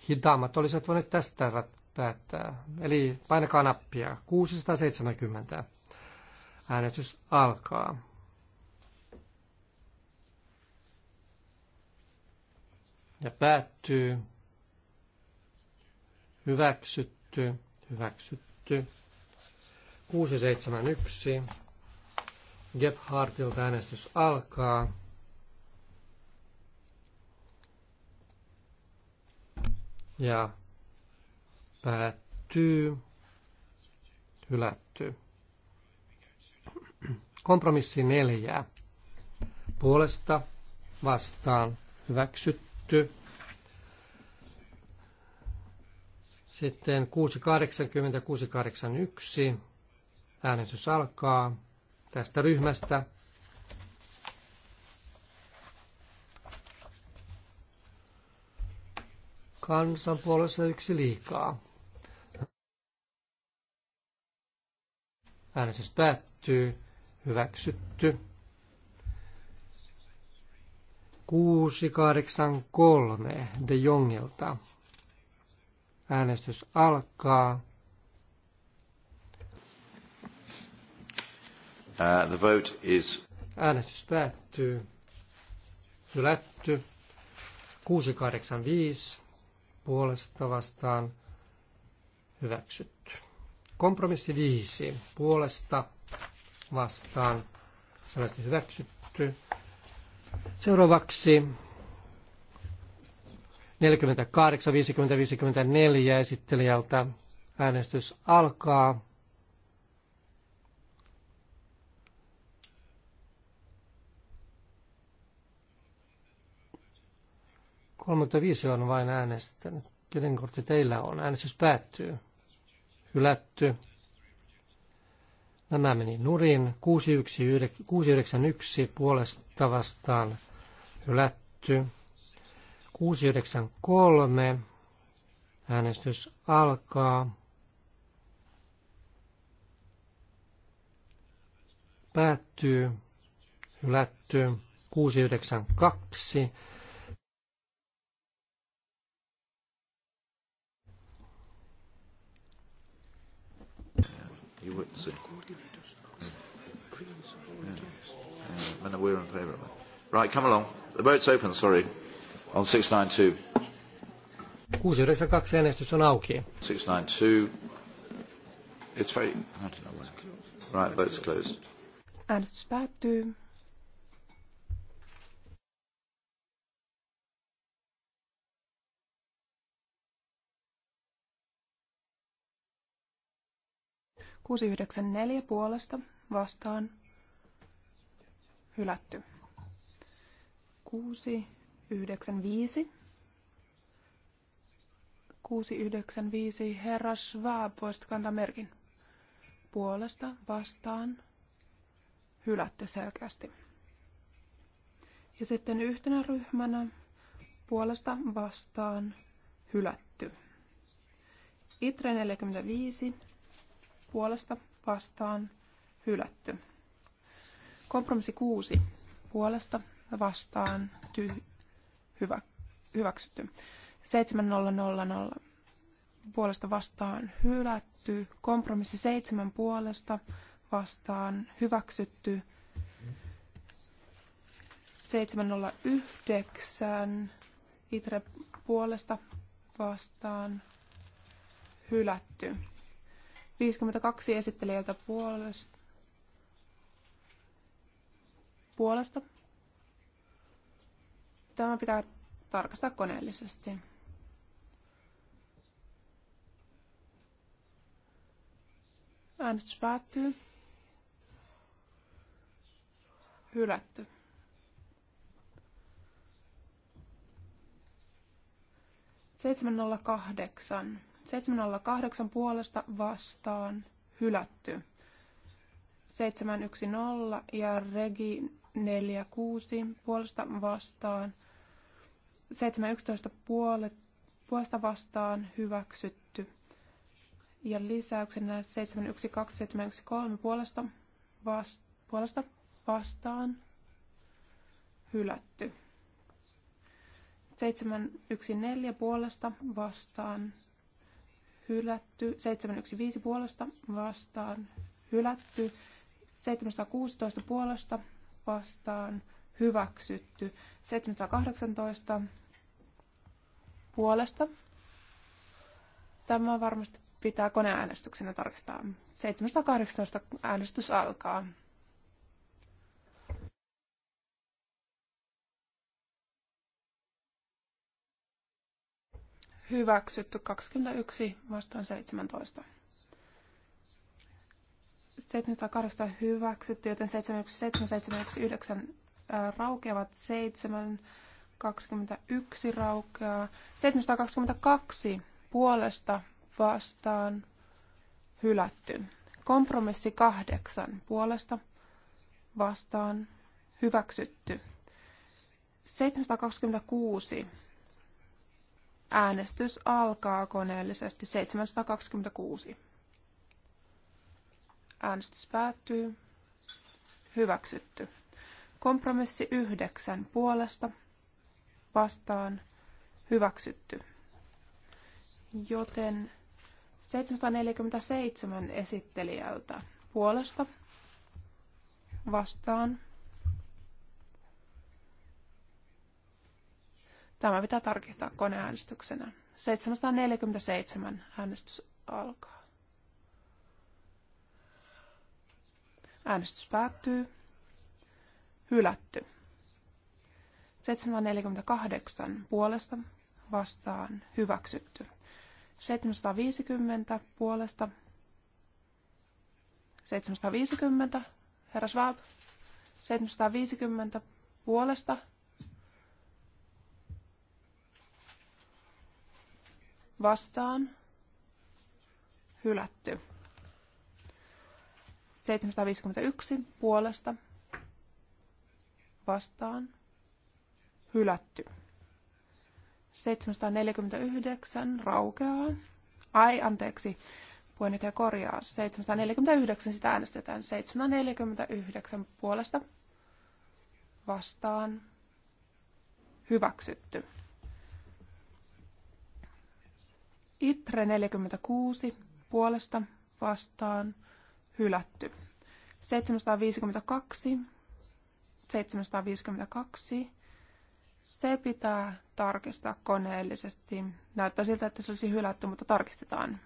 Speaker 1: Hitaammat olisivat voineet tästä päättää. Eli painakaa nappia. 670. Äänestys alkaa. Ja päättyy. Hyväksytty, hyväksytty. 671. Gebhardilta äänestys alkaa. Ja päättyy. Hylättyy. Kompromissi neljä. Puolesta vastaan hyväksytty. Sitten 680, 681 Äänestys alkaa tästä ryhmästä. Kansan puolessa yksi liikaa. Äänestys päättyy. Hyväksytty. 683 De Jongelta. Äänestys alkaa.
Speaker 2: Uh, the vote is...
Speaker 1: Äänestys päättyy. Hylätty. 685 puolesta vastaan hyväksytty. Kompromissi 5 puolesta vastaan selvästi hyväksytty. Seuraavaksi 48, 50, 54 esittelijältä äänestys alkaa. 35 on vain äänestänyt. Kenen kortti teillä on? Äänestys päättyy. Hylätty. Nämä meni nurin. 691 puolesta vastaan hylätty. 693. Äänestys alkaa. Päättyy. Hylätty. 692
Speaker 2: you would see. Yeah. Mm. Yeah. Mm. Mm. we're in favour of that. Right, come along. The vote's open, sorry, on 692.
Speaker 1: 692 äänestys on auki.
Speaker 2: 692. It's very... I don't know where. Right, vote's closed.
Speaker 4: Äänestys päättyy. 694 puolesta vastaan hylätty. 695. 695 herra Schwab, voisitko antaa merkin? Puolesta vastaan hylätty selkeästi. Ja sitten yhtenä ryhmänä puolesta vastaan hylätty. Itre 45 puolesta vastaan hylätty. Kompromissi 6 puolesta vastaan ty- hyvä, hyväksytty. 7000 puolesta vastaan hylätty. Kompromissi 7 puolesta vastaan hyväksytty. 709 itre puolesta vastaan hylätty. 52 esittelijältä puolesta. puolesta. Tämä pitää tarkastaa koneellisesti. Äänestys päättyy. Hylätty. Seitsemän nolla kahdeksan. 708 puolesta vastaan hylätty. 710 ja Regi 46 puolesta vastaan. 711 puolet, puolesta vastaan hyväksytty. Ja lisäyksenä 712 713 puolesta, vast, puolesta vastaan hylätty. 714 puolesta vastaan hylätty, 715 puolesta vastaan hylätty, 716 puolesta vastaan hyväksytty, 718 puolesta. Tämä varmasti pitää koneäänestyksenä tarkistaa. 718 äänestys alkaa. hyväksytty 21 vastaan 17. 708 hyväksytty, joten 71779 äh, raukeavat 7, 21 raukeaa. 722 puolesta vastaan hylätty. Kompromissi 8 puolesta vastaan hyväksytty. 726 Äänestys alkaa koneellisesti 726. Äänestys päättyy. Hyväksytty. Kompromissi 9 puolesta vastaan hyväksytty. Joten 747 esittelijältä puolesta vastaan Tämä pitää tarkistaa koneäänestyksenä. 747 äänestys alkaa. Äänestys päättyy. Hylätty. 748 puolesta vastaan hyväksytty. 750 puolesta. 750, herra Schwab. 750 puolesta vastaan hylätty. 751 puolesta vastaan hylätty. 749 raukeaa. Ai, anteeksi, puheenjohtaja korjaa. 749 sitä äänestetään. 749 puolesta vastaan hyväksytty. Itre 46 puolesta vastaan hylätty. 752, 752, se pitää tarkistaa koneellisesti. Näyttää siltä, että se olisi hylätty, mutta tarkistetaan.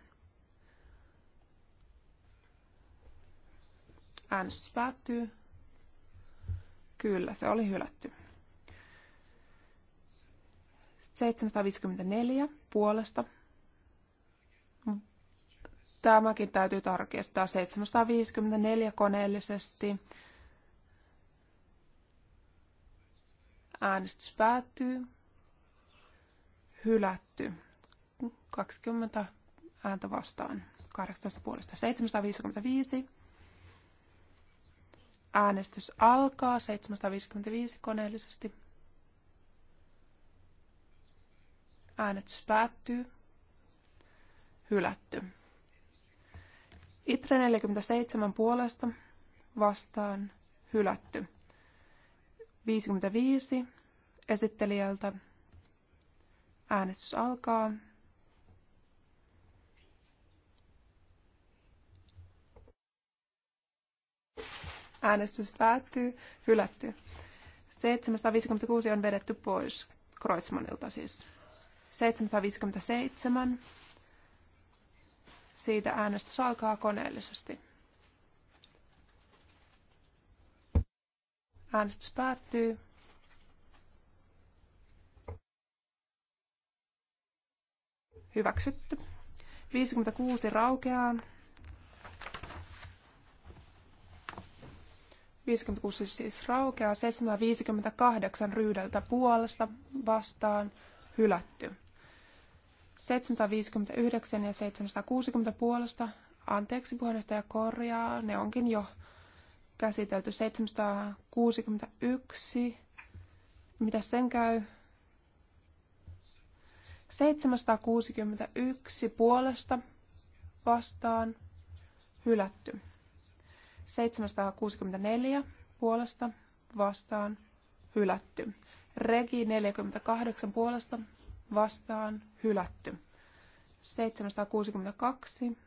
Speaker 4: Äänestys päättyy. Kyllä, se oli hylätty. 754 puolesta Tämäkin täytyy tarkistaa 754 koneellisesti. Äänestys päättyy. Hylätty. 20 ääntä vastaan. 18 puolesta 755. Äänestys alkaa 755 koneellisesti. Äänestys päättyy. Hylätty. Itre 47 puolesta vastaan hylätty. 55 esittelijältä äänestys alkaa. Äänestys päättyy, hylätty. 756 on vedetty pois Kreuzmannilta siis. 757 siitä äänestys alkaa koneellisesti. Äänestys päättyy. Hyväksytty. 56 raukeaa. 56 siis raukeaa. 758 ryydeltä puolesta vastaan hylätty. 759 ja 760 puolesta, anteeksi puheenjohtaja korjaa, ne onkin jo käsitelty 761. Mitä sen käy? 761 puolesta vastaan hylätty. 764 puolesta vastaan hylätty. Regi 48 puolesta vastaan hylätty. 762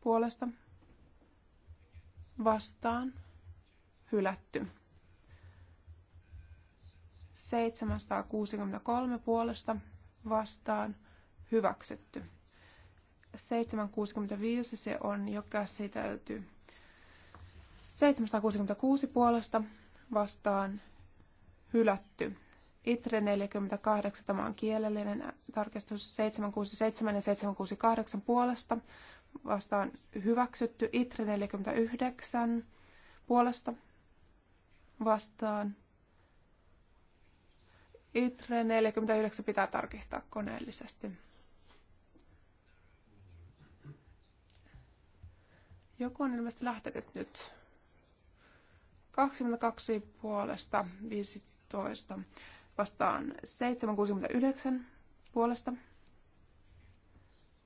Speaker 4: puolesta vastaan hylätty. 763 puolesta vastaan hyväksytty. 765 se on jo käsitelty. 766 puolesta vastaan hylätty. ITRE 48, tämä on kielellinen tarkistus 767 ja 768 puolesta. Vastaan hyväksytty ITRE 49 puolesta. Vastaan ITRE 49 pitää tarkistaa koneellisesti. Joku on ilmeisesti lähtenyt nyt. 22 puolesta 15 vastaan 769 puolesta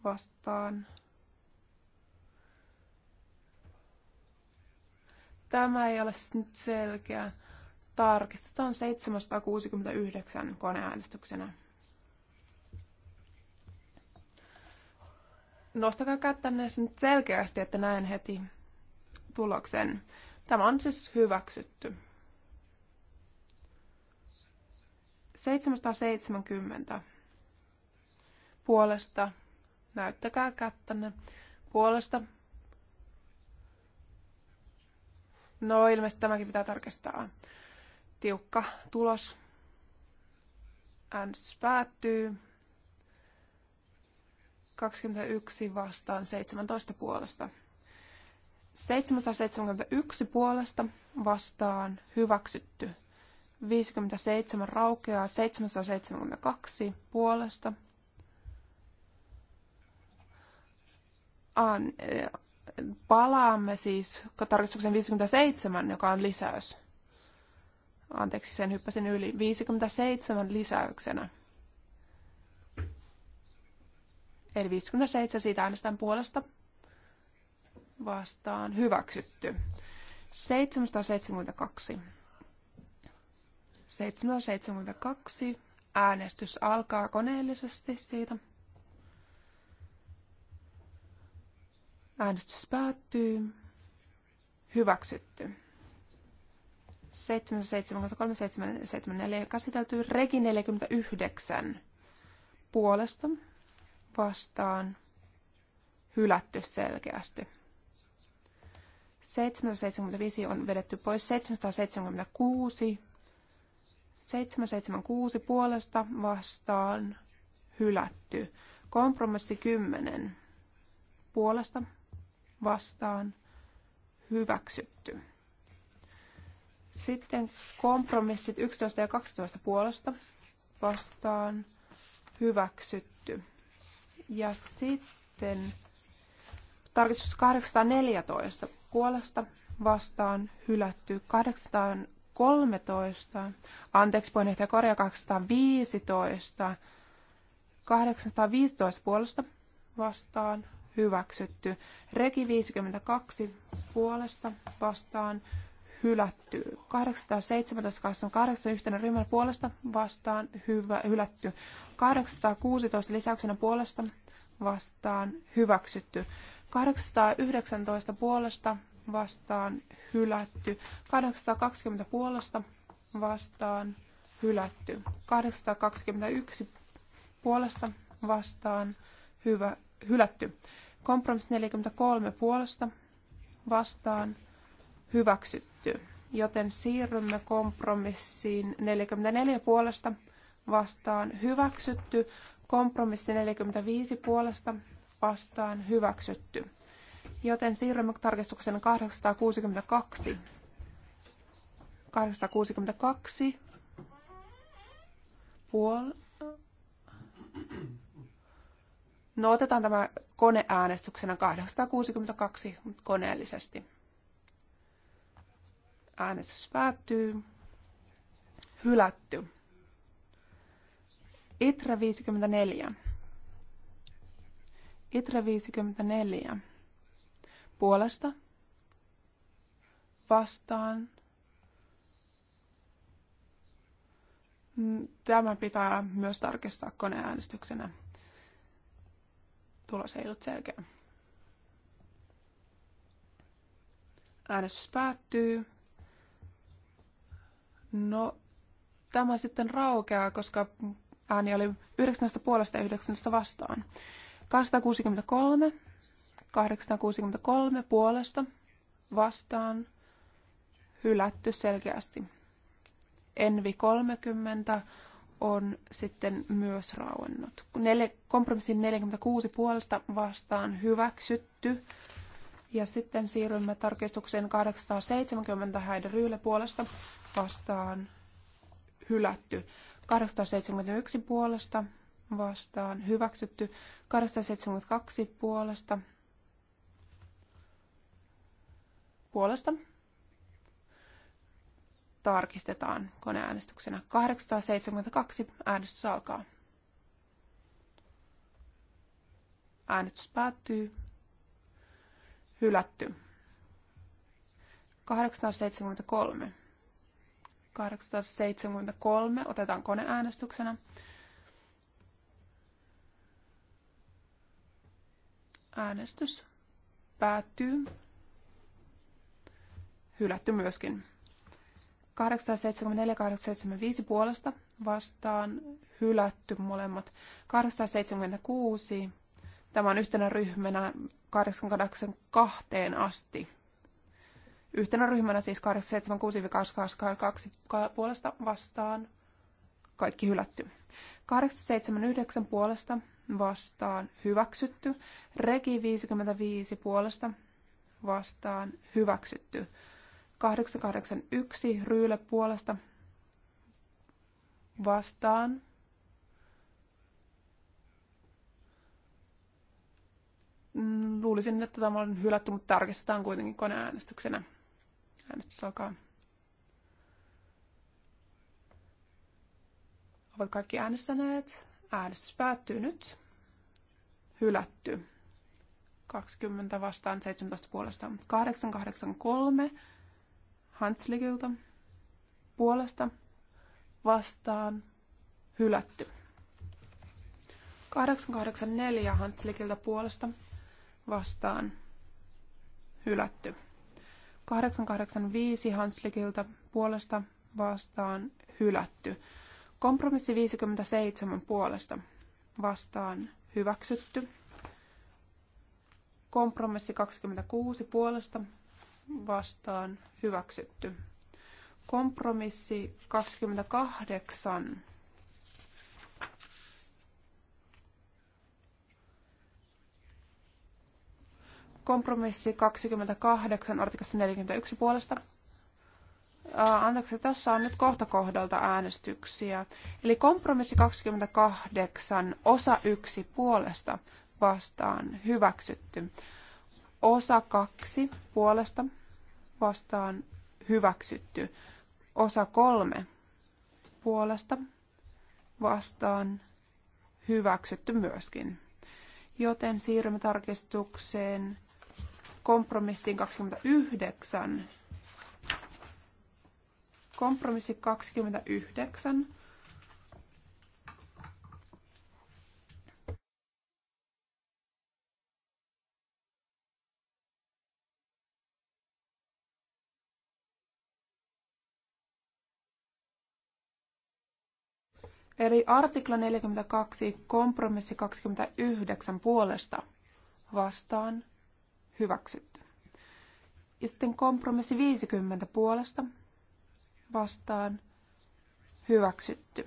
Speaker 4: vastaan. Tämä ei ole nyt selkeä. Tarkistetaan 769 koneäänestyksenä. Nostakaa kättänne nyt selkeästi, että näen heti tuloksen. Tämä on siis hyväksytty. 770 puolesta, näyttäkää kättänne, puolesta. No ilmeisesti tämäkin pitää tarkistaa. Tiukka tulos. Äänestys päättyy. 21 vastaan 17 puolesta. 771 puolesta vastaan hyväksytty 57 raukeaa 772 puolesta. Eh, palaamme siis tarkistuksen 57, joka on lisäys. Anteeksi, sen hyppäsin yli. 57 lisäyksenä. Eli 57 siitä äänestän puolesta vastaan hyväksytty. 772 772. Äänestys alkaa koneellisesti siitä. Äänestys päättyy. Hyväksytty. 773, 774 käsitelty. Regi 49 puolesta vastaan hylätty selkeästi. 775 on vedetty pois 776 776 puolesta vastaan hylätty. Kompromissi 10 puolesta vastaan hyväksytty. Sitten kompromissit 11 ja 12 puolesta vastaan hyväksytty. Ja sitten tarkistus 814 puolesta vastaan hylätty, 800 13, anteeksi puheenjohtaja korjaa 215, 815 puolesta vastaan hyväksytty. Regi 52 puolesta vastaan hylätty. 817, 28 yhtenä ryhmän puolesta vastaan hyvä, hylätty. 816 lisäyksenä puolesta vastaan hyväksytty. 819 puolesta vastaan hylätty. 820 puolesta vastaan hylätty. 821 puolesta vastaan hyvä, hylätty. Kompromiss 43 puolesta vastaan hyväksytty. Joten siirrymme kompromissiin 44 puolesta vastaan hyväksytty. Kompromissi 45 puolesta vastaan hyväksytty. Joten siirrymme tarkistuksen 862. 862 puol... No otetaan tämä koneäänestyksenä 862 koneellisesti. Äänestys päättyy. Hylätty. Itra 54. Itra 54 puolesta vastaan. Tämä pitää myös tarkistaa koneäänestyksenä. Tulos ei ollut selkeä. Äänestys päättyy. No, tämä sitten raukeaa, koska ääni oli 19 puolesta ja 19 vastaan. 263 863 puolesta vastaan hylätty selkeästi. Envi 30 on sitten myös rauennut. Kompromissin 46 puolesta vastaan hyväksytty. Ja sitten siirrymme tarkistukseen 870 häiden ryyle puolesta vastaan hylätty. 871 puolesta vastaan hyväksytty. 872 puolesta puolesta. Tarkistetaan koneäänestyksenä. 872 äänestys alkaa. Äänestys päättyy. Hylätty. 873. 873 otetaan koneäänestyksenä. Äänestys päättyy hylätty myöskin. 874-875 puolesta vastaan hylätty molemmat. 876, tämä on yhtenä ryhmänä 882 asti. Yhtenä ryhmänä siis 876-882 puolesta vastaan kaikki hylätty. 879 puolesta vastaan hyväksytty. Regi 55 puolesta vastaan hyväksytty. 881 ryyle puolesta vastaan. Luulisin, että tämä on hylätty, mutta tarkistetaan kuitenkin koneäänestyksenä. Äänestys alkaa. Ovat kaikki äänestäneet. Äänestys päättyy nyt. Hylätty. 20 vastaan 17 puolesta. 883 Hanslikilta puolesta vastaan hylätty. 884 Hanslikilta puolesta vastaan hylätty. 885 Hanslikilta puolesta vastaan hylätty. Kompromissi 57 puolesta vastaan hyväksytty. Kompromissi 26 puolesta vastaan hyväksytty. Kompromissi 28. Kompromissi 28, artikasta 41 puolesta. Anteeksi, tässä on nyt kohta kohdalta äänestyksiä. Eli kompromissi 28, osa 1 puolesta vastaan hyväksytty. Osa kaksi puolesta vastaan hyväksytty. Osa kolme puolesta vastaan hyväksytty myöskin. Joten siirrymme tarkistukseen kompromissiin 29. Kompromissi 29 Eli artikla 42, kompromissi 29 puolesta vastaan hyväksytty. Ja sitten kompromissi 50 puolesta vastaan hyväksytty.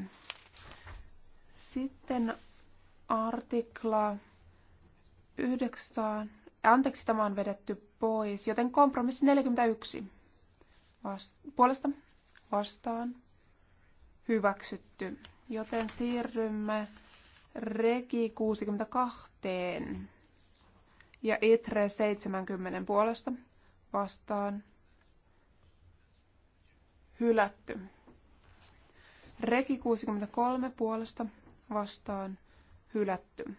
Speaker 4: Sitten artikla 9, anteeksi tämä on vedetty pois, joten kompromissi 41 puolesta vastaan hyväksytty joten siirrymme Regi 62 ja Itre 70 puolesta vastaan hylätty. Regi 63 puolesta vastaan hylätty.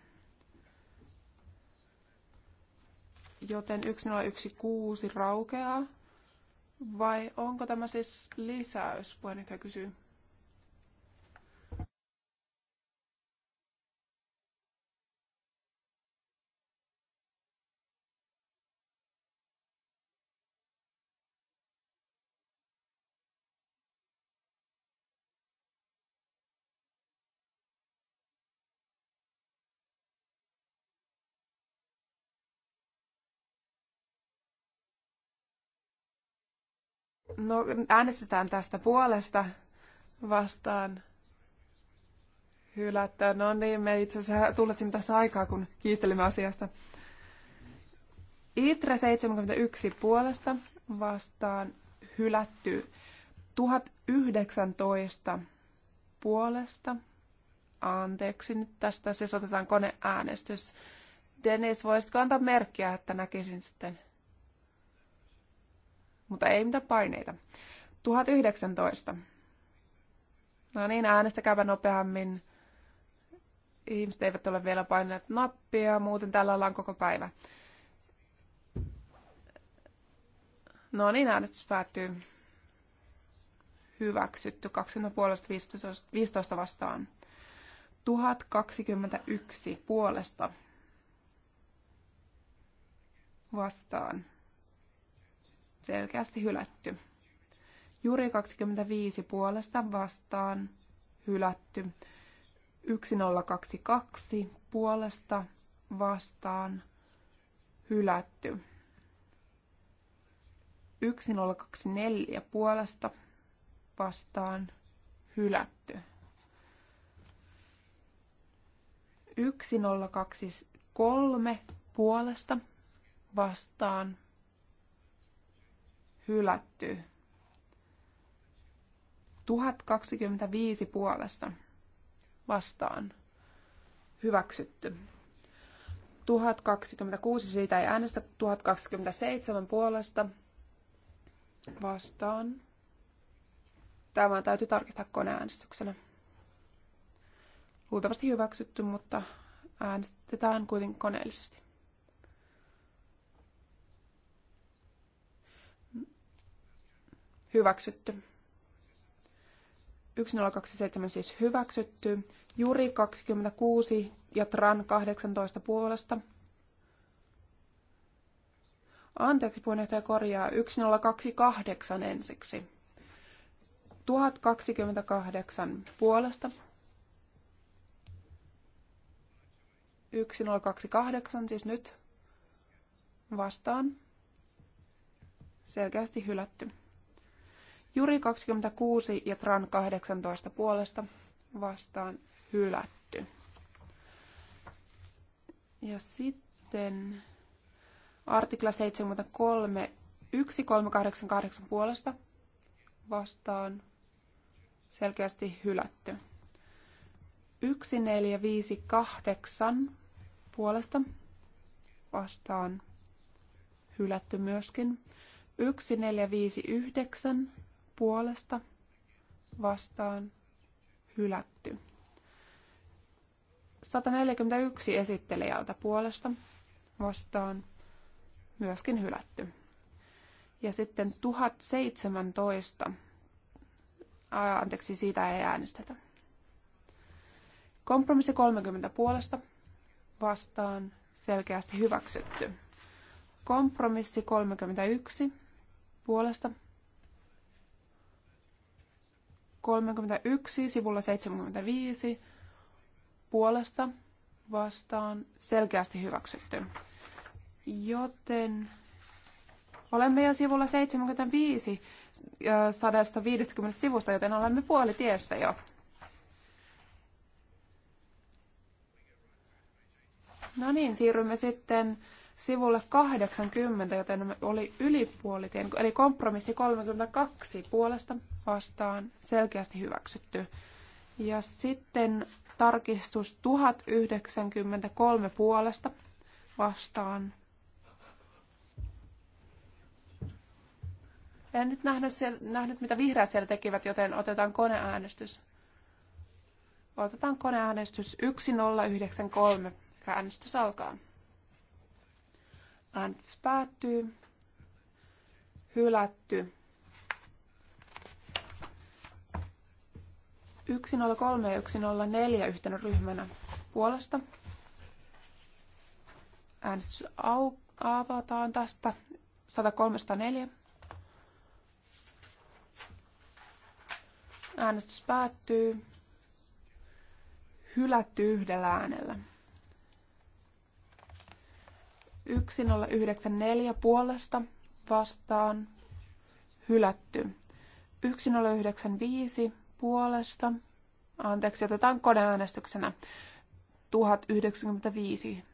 Speaker 4: Joten 1016 raukeaa. Vai onko tämä siis lisäys, puheenjohtaja kysyy. No, äänestetään tästä puolesta vastaan. Hylättä. No niin, me itse asiassa tullasimme tässä aikaa, kun kiittelimme asiasta. Itre 71 puolesta vastaan hylätty. 1019 puolesta. Anteeksi, nyt tästä siis otetaan koneäänestys. Dennis, voisitko antaa merkkiä, että näkisin sitten? mutta ei mitään paineita. 1019. No niin, äänestäkääpä nopeammin. Ihmiset eivät ole vielä paineet nappia, muuten täällä ollaan koko päivä. No niin, äänestys päättyy. Hyväksytty 20.15 vastaan. 1021 puolesta vastaan selkeästi hylätty. Juri 25 puolesta vastaan hylätty. 1022 puolesta vastaan hylätty. 1024 puolesta vastaan hylätty. 1023 puolesta vastaan hylätty. 1025 puolesta vastaan hyväksytty. 1026 siitä ei äänestä, 1027 puolesta vastaan. Tämä täytyy tarkistaa koneäänestyksenä. Luultavasti hyväksytty, mutta äänestetään kuitenkin koneellisesti. hyväksytty. 1027 siis hyväksytty, Juri 26 ja Tran 18 puolesta. Anteeksi, puheenjohtaja korjaa 1028 ensiksi. 1028 puolesta. 1028 siis nyt vastaan. Selkeästi hylätty. Juri 26 ja Tran 18 puolesta vastaan hylätty. Ja sitten artikla 73 1388 puolesta vastaan selkeästi hylätty. 1458 puolesta vastaan hylätty myöskin. 1459 puolesta vastaan hylätty. 141 esittelijältä puolesta vastaan myöskin hylätty. Ja sitten 1017, ää, anteeksi, siitä ei äänestetä. Kompromissi 30 puolesta vastaan selkeästi hyväksytty. Kompromissi 31 puolesta 31 sivulla 75 puolesta vastaan selkeästi hyväksytty. Joten olemme jo sivulla 75 150 sivusta, joten olemme puolitiessä jo. No niin, siirrymme sitten sivulle 80, joten oli ylipuolitien, eli kompromissi 32 puolesta vastaan selkeästi hyväksytty. Ja sitten tarkistus 1093 puolesta vastaan. En nyt nähnyt, siellä, nähnyt, mitä vihreät siellä tekivät, joten otetaan koneäänestys. Otetaan koneäänestys 1093. Äänestys alkaa. Ants päättyy. Hylätty. 103 ja 104 yhtenä ryhmänä puolesta. Äänestys au- avataan tästä 1304. Äänestys päättyy. Hylätty yhdellä äänellä. 1094 puolesta vastaan hylätty. 1095 puolesta, anteeksi, otetaan koneäänestyksenä. 1095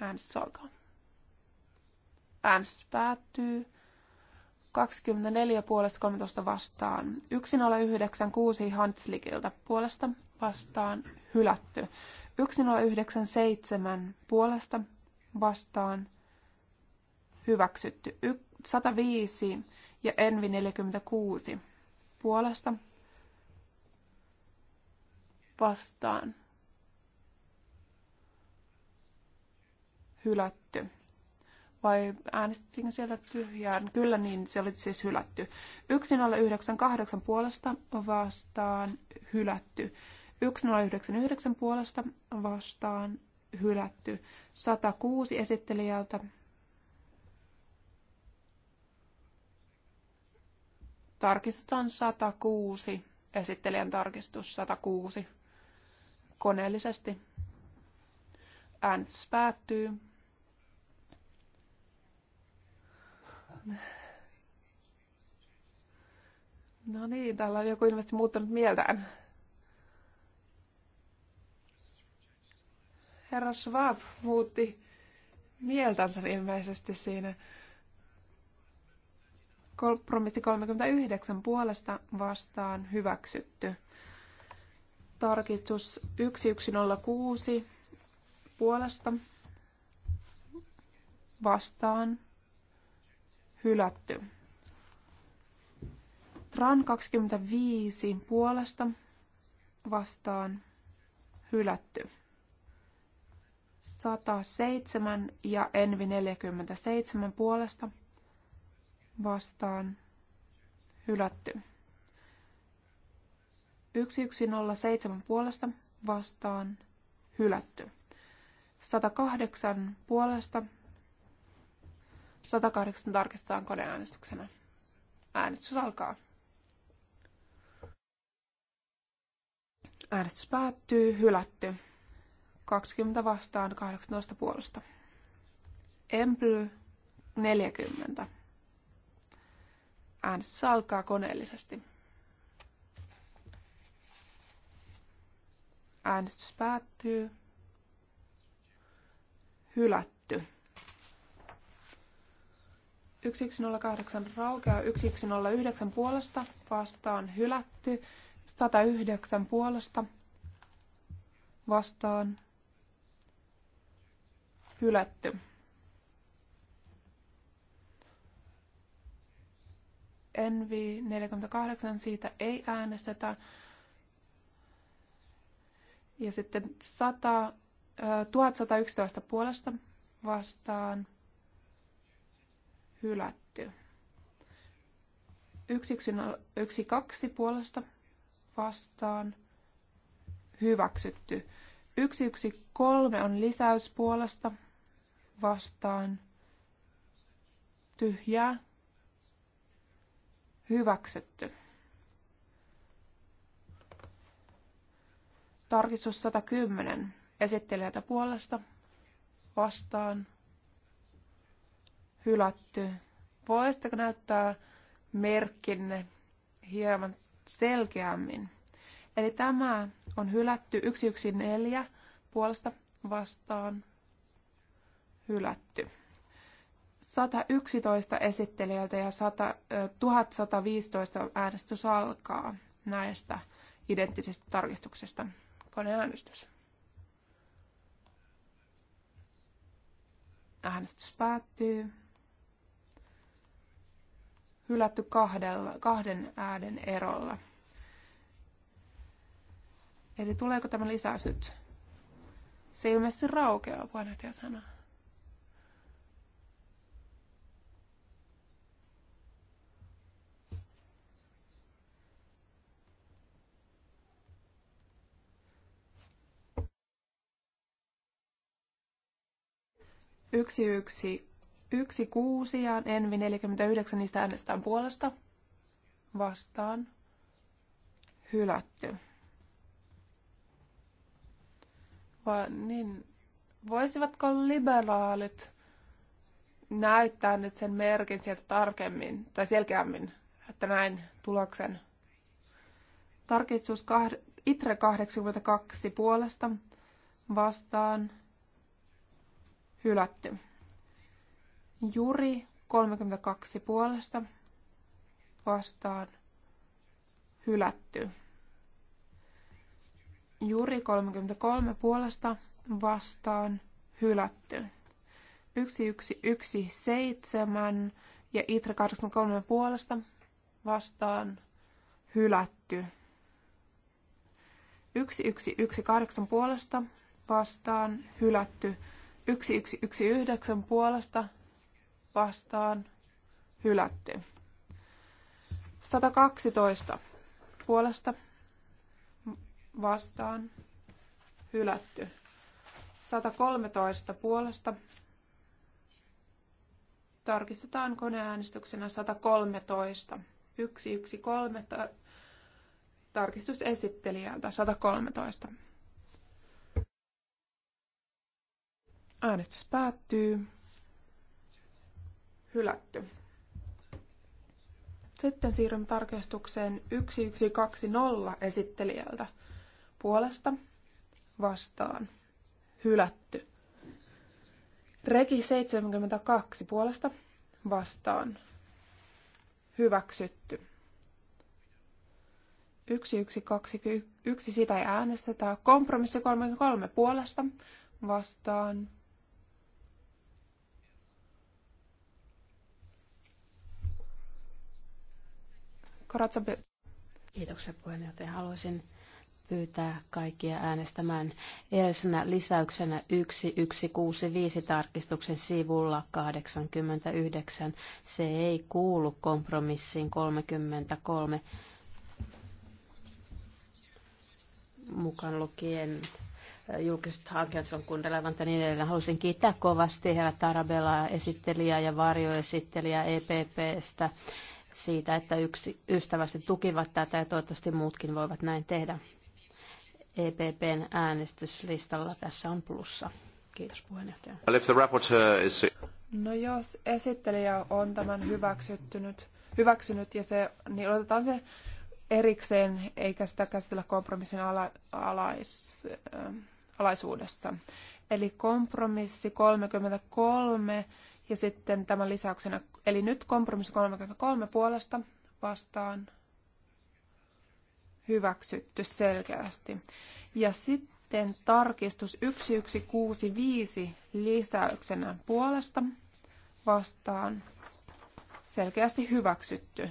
Speaker 4: äänestys alkaa. Äänestys päättyy. 24 puolesta 13 vastaan. 1096 Hanslikilta puolesta vastaan hylätty. 1097 puolesta vastaan hyväksytty 105 ja Envi 46 puolesta vastaan hylätty. Vai äänestettiinkö siellä tyhjään? Kyllä niin, se oli siis hylätty. 1098 puolesta vastaan hylätty. 1099 puolesta vastaan hylätty. 106 esittelijältä Tarkistetaan 106, esittelijän tarkistus 106 koneellisesti. Äänestys päättyy. No niin, täällä on joku ilmeisesti muuttanut mieltään. Herra Schwab muutti mieltänsä ilmeisesti siinä. Kompromissi 39 puolesta vastaan hyväksytty. Tarkistus 1106 puolesta vastaan hylätty. Tran 25 puolesta vastaan hylätty. 107 ja Envi 47 puolesta vastaan hylätty. 1107 puolesta vastaan hylätty. 108 puolesta. 108 tarkistetaan koneäänestyksenä. Äänestys alkaa. Äänestys päättyy, hylätty. 20 vastaan, 18 puolesta. Emply 40 Äänestys alkaa koneellisesti. Äänestys päättyy. Hylätty. 1108 raukeaa 1109 puolesta vastaan hylätty. 109 puolesta vastaan hylätty. nv 48, siitä ei äänestetä. Ja sitten 100, 1111 puolesta vastaan hylätty. 112 puolesta vastaan hyväksytty. 113 on lisäys puolesta vastaan tyhjää Hyväksytty. Tarkistus 110. Esittelijätä puolesta. Vastaan. Hylätty. Voisitteko näyttää merkkinne hieman selkeämmin? Eli tämä on hylätty 114 puolesta vastaan. Hylätty. 111 esittelijältä ja 100, 1115 äänestys alkaa näistä identtisistä tarkistuksista. Koneäänestys. Äänestys päättyy. Hylätty kahdella, kahden äänen erolla. Eli tuleeko tämä lisäys nyt? Se ilmeisesti raukeaa, puheenjohtaja sanoo. 116 ja Envi 49, niistä äänestetään puolesta. Vastaan. Hylätty. Va, niin, voisivatko liberaalit näyttää nyt sen merkin sieltä tarkemmin tai selkeämmin, että näin tuloksen. Tarkistus kah- ITRE 82 puolesta vastaan hylätty. Juri 32 puolesta vastaan hylätty. Juri 33 puolesta vastaan hylätty. 1117 ja Itra 83 puolesta vastaan hylätty. 1118 puolesta vastaan hylätty. 1119 puolesta vastaan hylätty. 112 puolesta vastaan hylätty. 113 puolesta tarkistetaan koneäänestyksenä 113. 113 tar- tarkistus esittelijältä 113. Äänestys päättyy. Hylätty. Sitten siirrymme tarkistukseen 1120 esittelijältä. Puolesta vastaan. Hylätty. Regi 72 puolesta vastaan. Hyväksytty. 1121 sitä ei äänestetä. Kompromissi 33 puolesta vastaan. Karatsabe. Kiitoksia puheenjohtaja.
Speaker 3: Haluaisin pyytää kaikkia äänestämään edellisenä lisäyksenä 1165 tarkistuksen sivulla 89. Se ei kuulu kompromissiin 33 mukaan lukien äh, julkiset hankkeet on kun relevantta niin edelleen. Haluaisin kiittää kovasti herra Tarabella esittelijää ja varjoesittelijää EPPstä siitä, että yksi, ystävästi tukivat tätä ja toivottavasti muutkin voivat näin tehdä. EPPn äänestyslistalla tässä on plussa. Kiitos puheenjohtaja.
Speaker 4: No jos esittelijä on tämän hyväksyttynyt, hyväksynyt ja se, niin otetaan se erikseen, eikä sitä käsitellä kompromissin ala, alais, äh, alaisuudessa. Eli kompromissi 33 ja sitten tämän lisäyksenä, eli nyt kompromissi 33 puolesta vastaan hyväksytty selkeästi. Ja sitten tarkistus 1165 lisäyksenä puolesta vastaan selkeästi hyväksytty.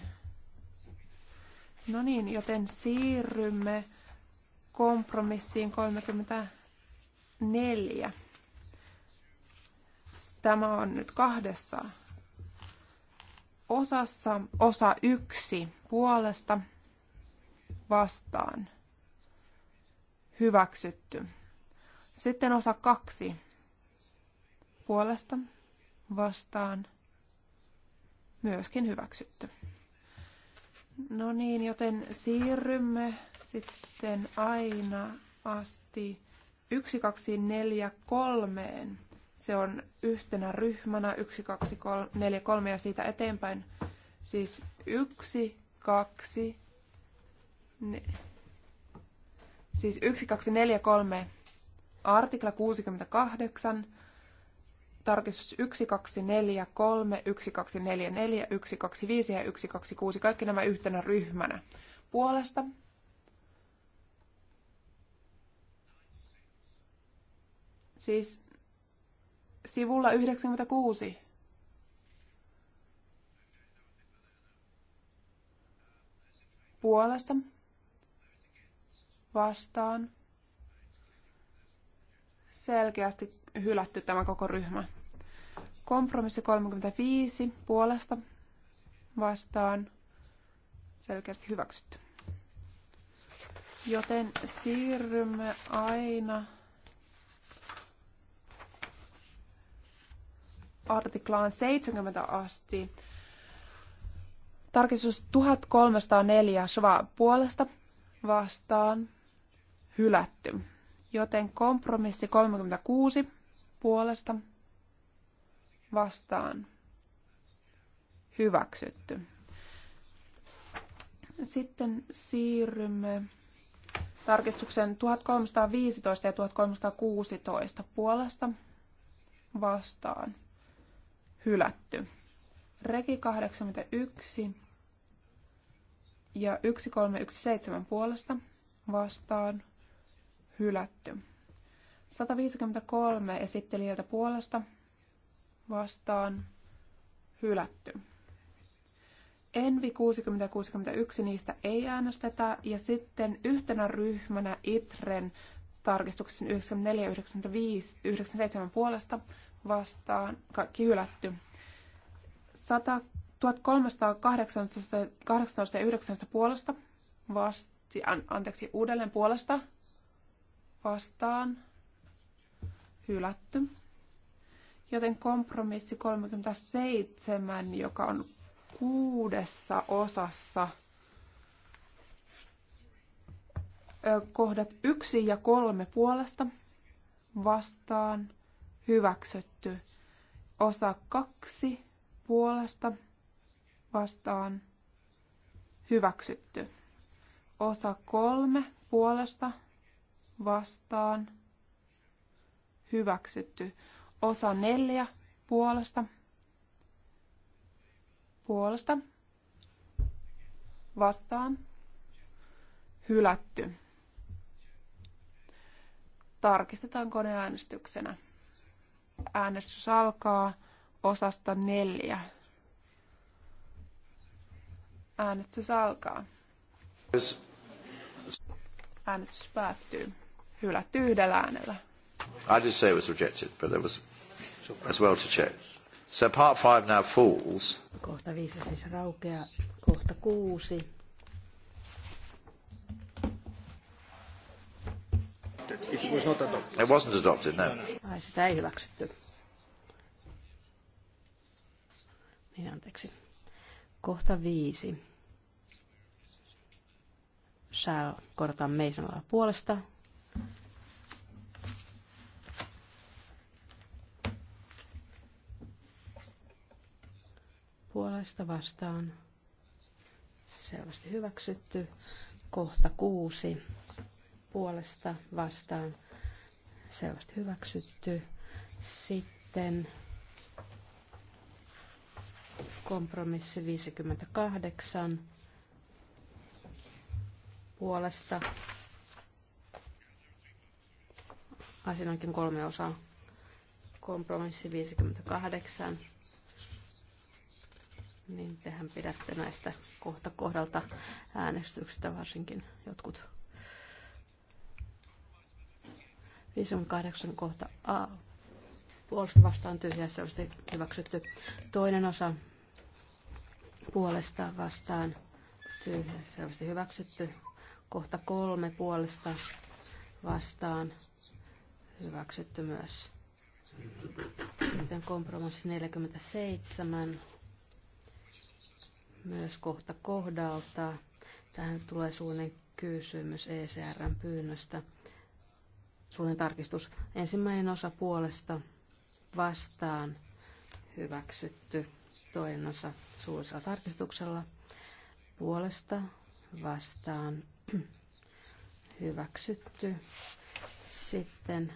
Speaker 4: No niin, joten siirrymme kompromissiin 34 Tämä on nyt kahdessa osassa. Osa yksi puolesta vastaan hyväksytty. Sitten osa kaksi puolesta vastaan myöskin hyväksytty. No niin, joten siirrymme sitten aina asti 1, 2, 4, 3 se on yhtenä ryhmänä 1, 2, 3, 4, 3 ja siitä eteenpäin. Siis 1, 2, ne, siis 1, 2, 4, 3, artikla 68, tarkistus 1, 1, 2, 2, 4, 4, 4, 3, 1, 2, 5 ja 1, 2, 6, kaikki nämä yhtenä ryhmänä. Puolesta Siis sivulla 96. Puolesta vastaan selkeästi hylätty tämä koko ryhmä. Kompromissi 35 puolesta vastaan selkeästi hyväksytty. Joten siirrymme aina artiklaan 70 asti. Tarkistus 1304 Schwab puolesta vastaan hylätty. Joten kompromissi 36 puolesta vastaan hyväksytty. Sitten siirrymme tarkistuksen 1315 ja 1316 puolesta vastaan hylätty. Regi 81 ja 1317 puolesta vastaan hylätty. 153 esittelijältä puolesta vastaan hylätty. Envi 60 ja 61, niistä ei äänestetä. Ja sitten yhtenä ryhmänä ITREN tarkistuksen 94, 95, 97 puolesta vastaan, kaikki hylätty. 100, puolesta, vasti, anteeksi, uudelleen puolesta, vastaan, hylätty. Joten kompromissi 37, joka on kuudessa osassa, kohdat yksi ja kolme puolesta, vastaan, hyväksytty. Osa kaksi puolesta vastaan hyväksytty. Osa kolme puolesta vastaan hyväksytty. Osa neljä puolesta puolesta vastaan hylätty. Tarkistetaan koneäänestyksenä. Äänestys alkaa osasta neljä. Äänestys alkaa. Äänestys päättyy. Hylätty yhdellä äänellä.
Speaker 2: I did say it was rejected, but there was as well to check. So part five now falls.
Speaker 4: Kohta
Speaker 3: viisi siis raukeaa. Kohta kuusi was not adopted.
Speaker 2: It wasn't adopted, no.
Speaker 3: Ai, sitä ei hyväksytty. Niin, anteeksi. Kohta viisi. Shall korvataan Masonilla puolesta. Puolesta vastaan. Selvästi hyväksytty. Kohta kuusi puolesta vastaan selvästi hyväksytty. Sitten kompromissi 58 puolesta. Asin kolme osaa. Kompromissi 58. Niin tehän pidätte näistä kohta kohdalta äänestyksistä varsinkin jotkut 58 kohta A. Puolesta vastaan tyhjää selvästi hyväksytty. Toinen osa puolesta vastaan tyhjää selvästi hyväksytty. Kohta kolme puolesta vastaan hyväksytty myös. Sitten kompromissi 47. Myös kohta kohdalta. Tähän tulee suunnilleen kysymys ECRn pyynnöstä suunnin tarkistus. Ensimmäinen osa puolesta vastaan hyväksytty. Toinen osa suullisella tarkistuksella puolesta vastaan hyväksytty. Sitten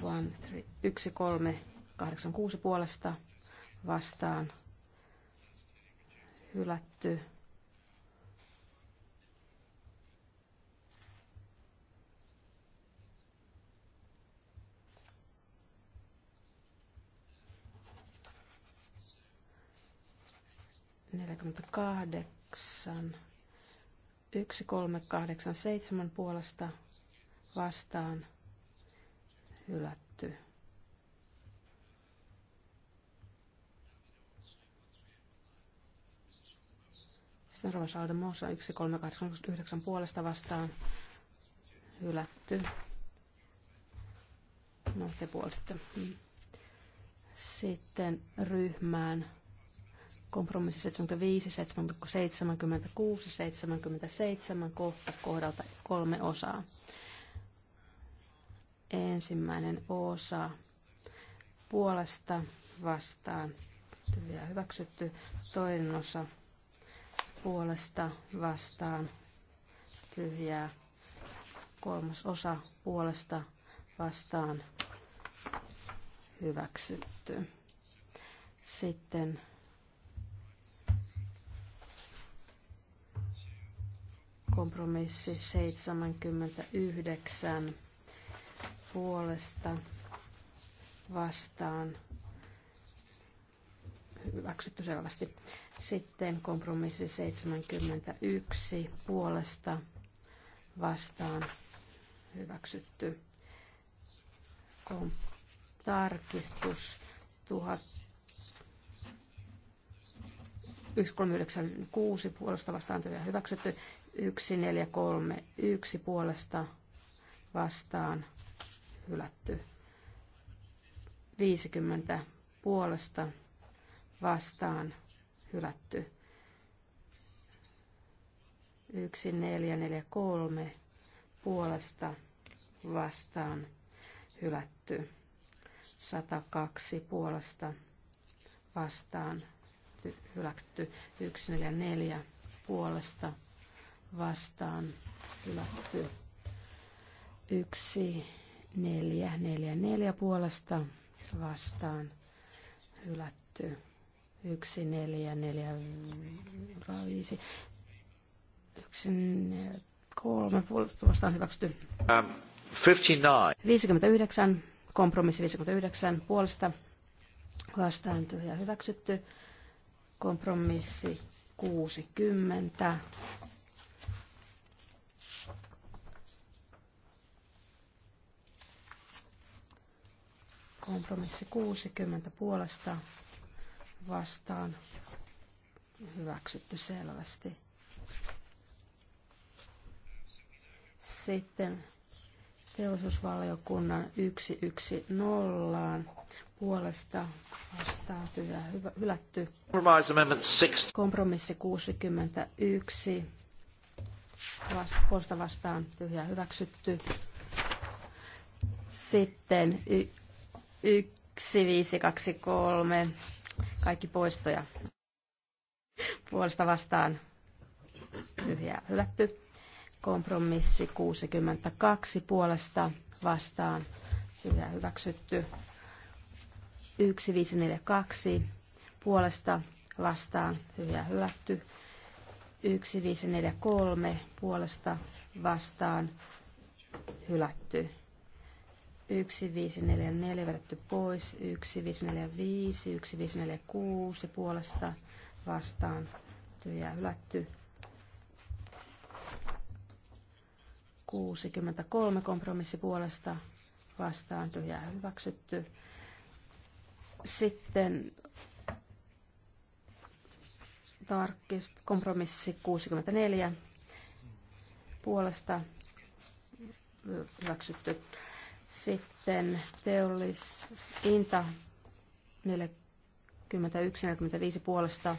Speaker 3: 1386 puolesta vastaan hylätty. 48. 7 puolesta vastaan hylätty. Seuraava Salde Moosa 9 puolesta vastaan hylätty. No, te puolesta. Sitten ryhmään Kompromissi 75, 76, 77 kohta kohdalta kolme osaa. Ensimmäinen osa puolesta vastaan vielä hyväksytty. Toinen osa puolesta vastaan tyhjää. Kolmas osa puolesta vastaan hyväksytty. Sitten Kompromissi 79 puolesta vastaan hyväksytty selvästi. Sitten kompromissi 71 puolesta vastaan hyväksytty. Kom- tarkistus 1396 puolesta vastaan hyväksytty. 1, 4, puolesta vastaan hylätty. 50 puolesta vastaan hylätty. 1443 puolesta vastaan hylätty. 102 puolesta vastaan hylätty. 144 puolesta hylätty vastaan tilattu yksi neljä neljä neljä puolesta vastaan hylätty. yksi neljä neljä 5, yksi kolme puolesta vastaan hyväksytty. Um, viisikymmentä 59, kompromissi 59 puolesta vastaan ja hyväksytty. Kompromissi 60 Kompromissi 60 puolesta vastaan hyväksytty selvästi. Sitten teollisuusvaliokunnan 110 puolesta vastaan tyhjä hyvä, hylätty. Kompromissi 61 puolesta vastaan tyhjä hyväksytty. Sitten yksi, viisi, kaksi, kolme. kaikki poistoja puolesta vastaan tyhjää hylätty. Kompromissi 62 puolesta vastaan tyhjää hyväksytty. 1542 puolesta vastaan tyhjää hylätty. 1543 puolesta vastaan hylätty. 1544 vedetty pois, 1545, ja puolesta vastaan tyhjää hylätty. 63 kompromissi puolesta vastaan tyhjää hyväksytty. Sitten tarkist, kompromissi 64 puolesta hyväksytty. Sitten teollisinta 41-45 puolesta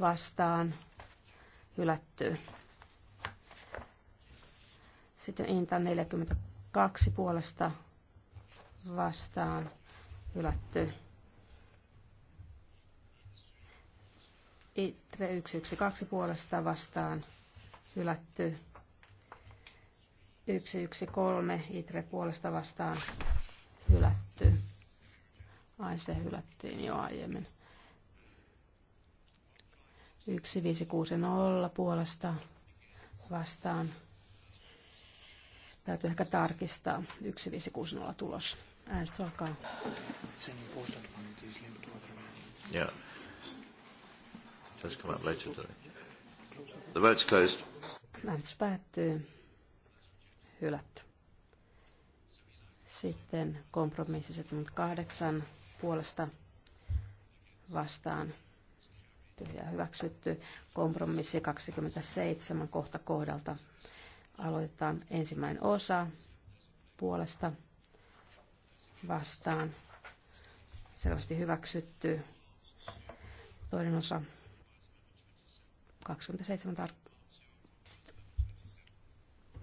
Speaker 3: vastaan hylättyy. Sitten Inta 42 puolesta vastaan hylätty. Itre 112 puolesta vastaan hylätty. 113 itre puolesta vastaan hylätty. Ai se hylättiin jo aiemmin. 1560 puolesta vastaan. Täytyy ehkä tarkistaa 1560 tulos. Äänestys alkaa.
Speaker 2: Yeah. Just come up later today. The vote's closed.
Speaker 3: Äänestys päättyy hylätty. Sitten kompromissi 78 puolesta vastaan tyhjää hyväksytty. Kompromissi 27 kohta kohdalta aloitetaan ensimmäinen osa puolesta vastaan. Selvästi hyväksytty. Toinen osa 27 tar-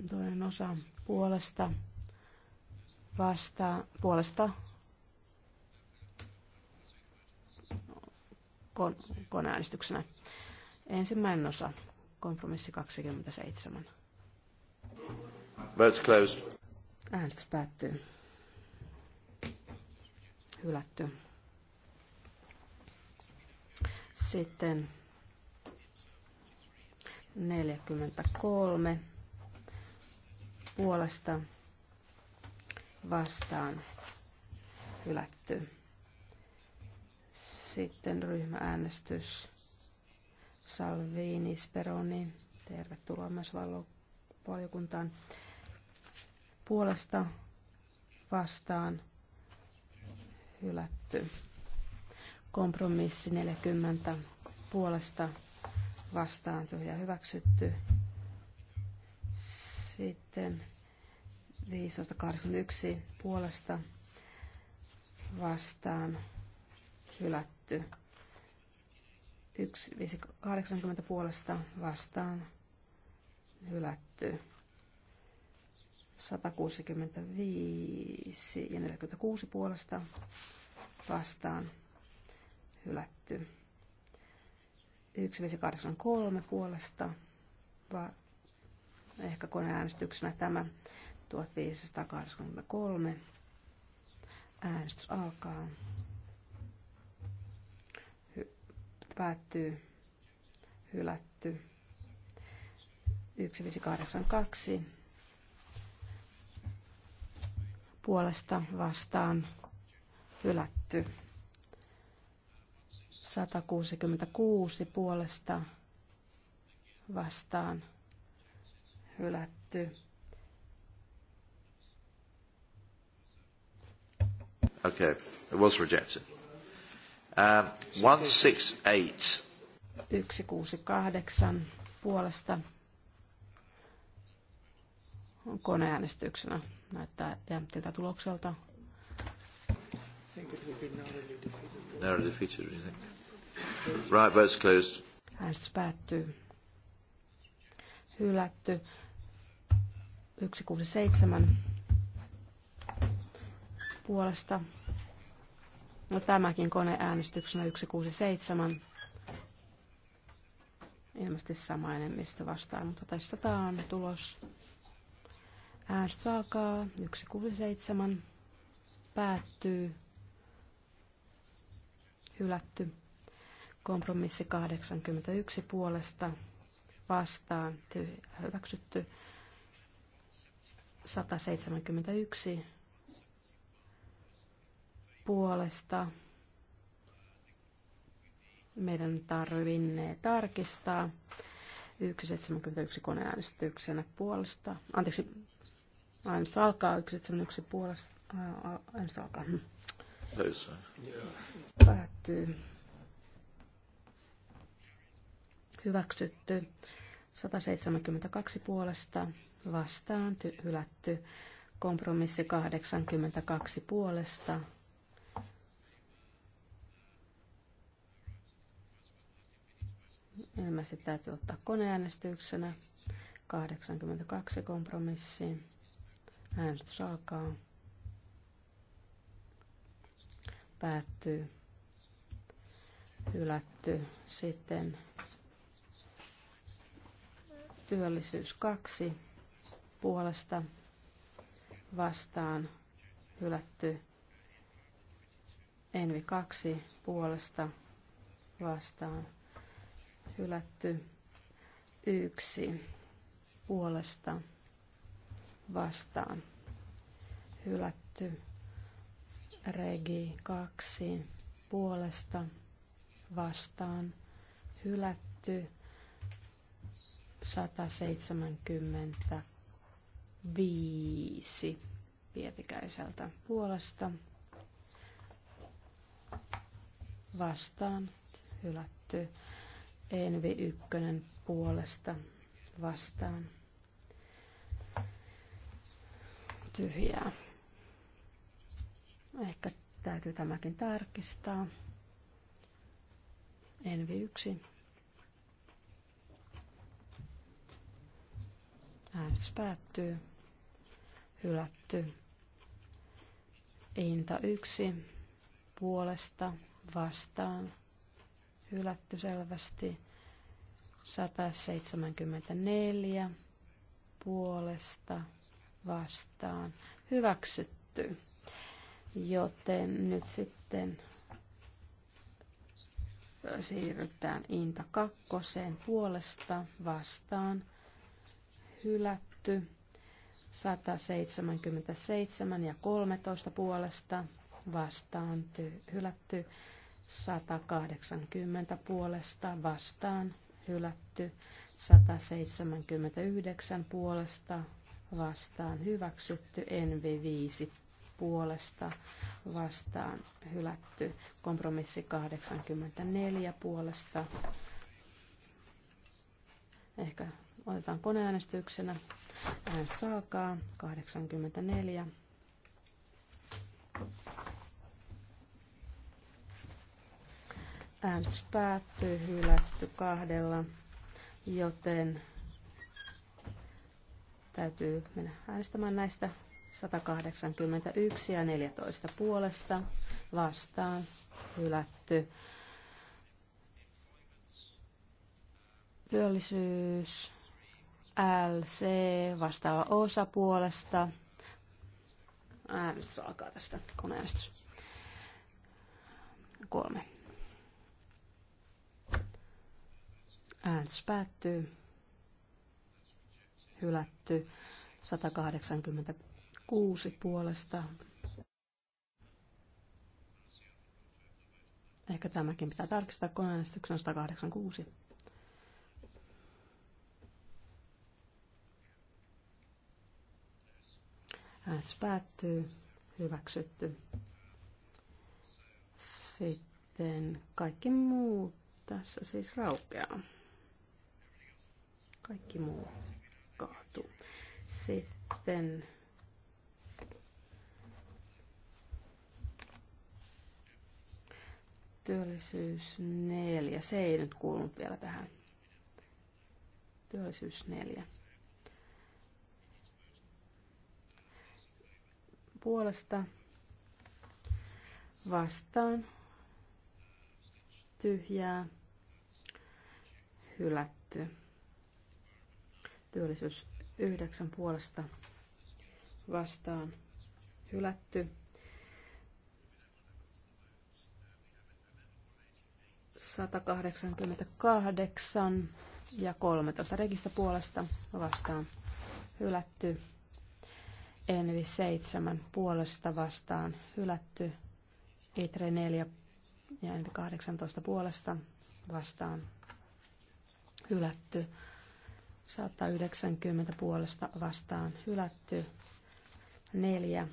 Speaker 3: Toinen osa puolesta vastaan puolesta kon, koneäänestyksenä. Ensimmäinen osa, kompromissi 27.
Speaker 2: Votes closed.
Speaker 3: Äänestys päättyy. Hylätty. Sitten 43 puolesta vastaan hylätty. Sitten ryhmääänestys. Salvini Speroni, tervetuloa myös valiokuntaan. Puolesta vastaan hylätty. Kompromissi 40 puolesta vastaan tyhjä hyväksytty. Sitten 15.81 puolesta vastaan hylätty. 1580 puolesta vastaan hylätty. 165 ja 46 puolesta vastaan hylätty. 1583 puolesta va- ehkä koneäänestyksenä tämä 1583. Äänestys alkaa. Hy- päättyy. Hylätty. 1582. Puolesta vastaan. Hylätty. 166 puolesta vastaan hylätty.
Speaker 2: Okay, it was rejected. Uh, 168.
Speaker 3: 168 puolesta on koneäänestyksenä. Näyttää jämptiltä tulokselta.
Speaker 2: Narrowly defeated, you think? Right, vote's closed.
Speaker 3: Äänestys päättyy. Hylätty. 167 puolesta. No, tämäkin äänestyksenä 167. Ilmeisesti sama enemmistö vastaan, mutta testataan tulos. Äänestys alkaa 167. Päättyy. Hylätty. Kompromissi 81 puolesta vastaan. Hyväksytty. 171 puolesta meidän tarvinnee tarkistaa 171 koneäänestyksenä puolesta. Anteeksi, aina salkaa 171 puolesta. Aina salkaa. Hmm. Päättyy. Hyväksytty. 172 puolesta vastaan ty- hylätty. Kompromissi 82 puolesta. Ilmeisesti täytyy ottaa koneäänestyksenä. 82 kompromissi. Äänestys alkaa. Päättyy. Hylätty. Sitten Työllisyys 2 puolesta vastaan hylätty. Envi 2 puolesta vastaan hylätty. 1 puolesta vastaan hylätty. Regi 2 puolesta vastaan hylätty. 175 Pietikäiseltä puolesta vastaan hylätty. Envi ykkönen puolesta vastaan tyhjää. Ehkä täytyy tämäkin tarkistaa. Envi yksi Äänestys päättyy. Hylätty. Inta yksi puolesta vastaan. Hylätty selvästi. 174 puolesta vastaan hyväksytty. Joten nyt sitten siirrytään Inta kakkoseen puolesta vastaan hylätty. 177 ja 13 puolesta vastaan hylätty. 180 puolesta vastaan hylätty. 179 puolesta vastaan hyväksytty. Envi 5 puolesta vastaan hylätty. Kompromissi 84 puolesta. Ehkä Otetaan koneäänestyksenä. Äänestys saakaa 84. Äänestys päättyy hylätty kahdella, joten täytyy mennä äänestämään näistä 181 ja 14 puolesta vastaan hylätty. Työllisyys LC vastaava osa puolesta. se alkaa tästä, koneäänestys. Kolme. Äänestys päättyy. Hylätty. 186 puolesta. Ehkä tämäkin pitää tarkistaa koneäänestyksen 186. Äänestys päättyy. Hyväksytty. Sitten kaikki muu tässä siis raukeaa. Kaikki muu kaatuu. Sitten työllisyys neljä. Se ei nyt kuulunut vielä tähän. Työllisyys neljä. puolesta vastaan tyhjää hylätty. Työllisyys yhdeksän puolesta vastaan hylätty. satakahdeksankymmentäkahdeksan ja 13 rekistä puolesta vastaan hylätty. Envi seitsemän puolesta vastaan hylätty. Itre 4 ja Envi 18 puolesta vastaan hylätty. 190 puolesta vastaan hylätty. 4.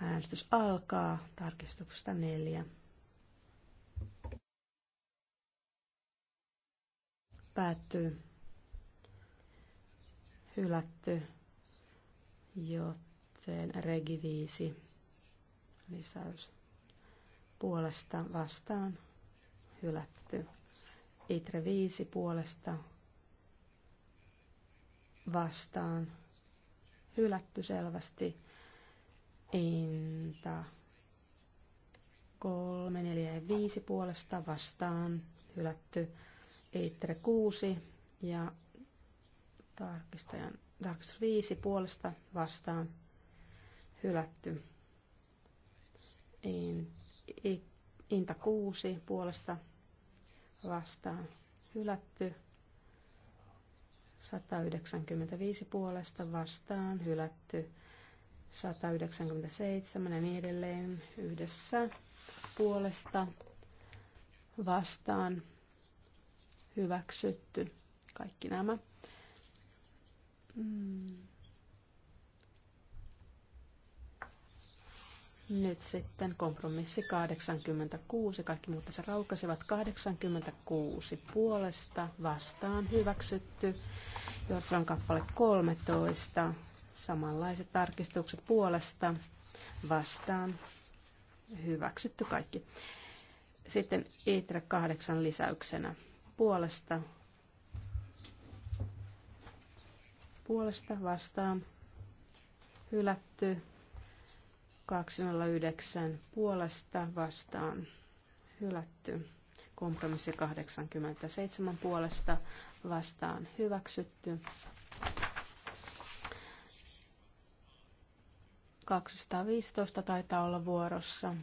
Speaker 3: Äänestys alkaa. Tarkistuksesta 4. Päättyy hylätty, joten regi 5 lisäys puolesta vastaan hylätty. Itre 5 puolesta vastaan hylätty selvästi. Inta 3, 4 ja 5 puolesta vastaan hylätty. Itre 6 ja Tarkistajan, tarkistus 5 puolesta vastaan hylätty. In, i, inta 6 puolesta vastaan hylätty. 195 puolesta vastaan hylätty. 197 ja niin edelleen yhdessä puolesta vastaan hyväksytty. Kaikki nämä. Mm. Nyt sitten kompromissi 86. Kaikki muut tässä raukasivat 86 puolesta vastaan hyväksytty. Jotran kappale 13. Samanlaiset tarkistukset puolesta vastaan hyväksytty kaikki. Sitten ITRE 8 lisäyksenä puolesta puolesta vastaan hylätty. 209 puolesta vastaan hylätty. Kompromissi 87 puolesta vastaan hyväksytty. 215 taitaa olla vuorossa.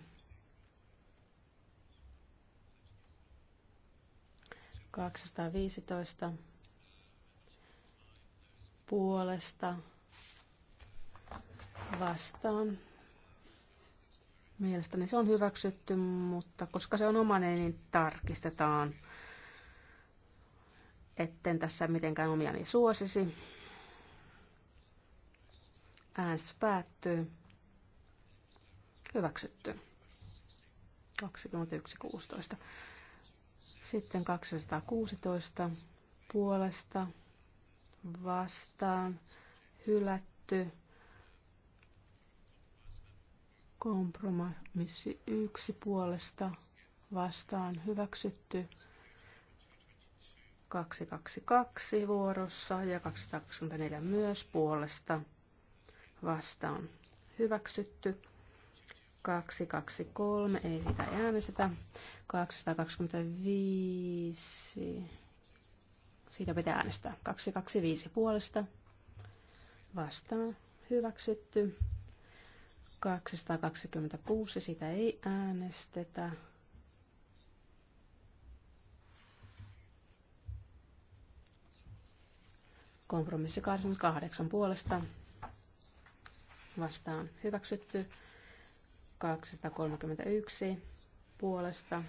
Speaker 3: Kaksisataaviisitoista puolesta vastaan. Mielestäni se on hyväksytty, mutta koska se on omainen, niin tarkistetaan, etten tässä mitenkään omiani suosisi. Äänestys päättyy. Hyväksytty. 21.16. Sitten 216 puolesta vastaan hylätty. Kompromissi yksi puolesta vastaan hyväksytty. 222 vuorossa ja 224 myös puolesta vastaan hyväksytty. 223, ei sitä äänestetä. 225 siitä pitää äänestää. 225 puolesta. Vastaan. Hyväksytty. 226. Sitä ei äänestetä. Kompromissi 88 puolesta. Vastaan hyväksytty. 231 puolesta.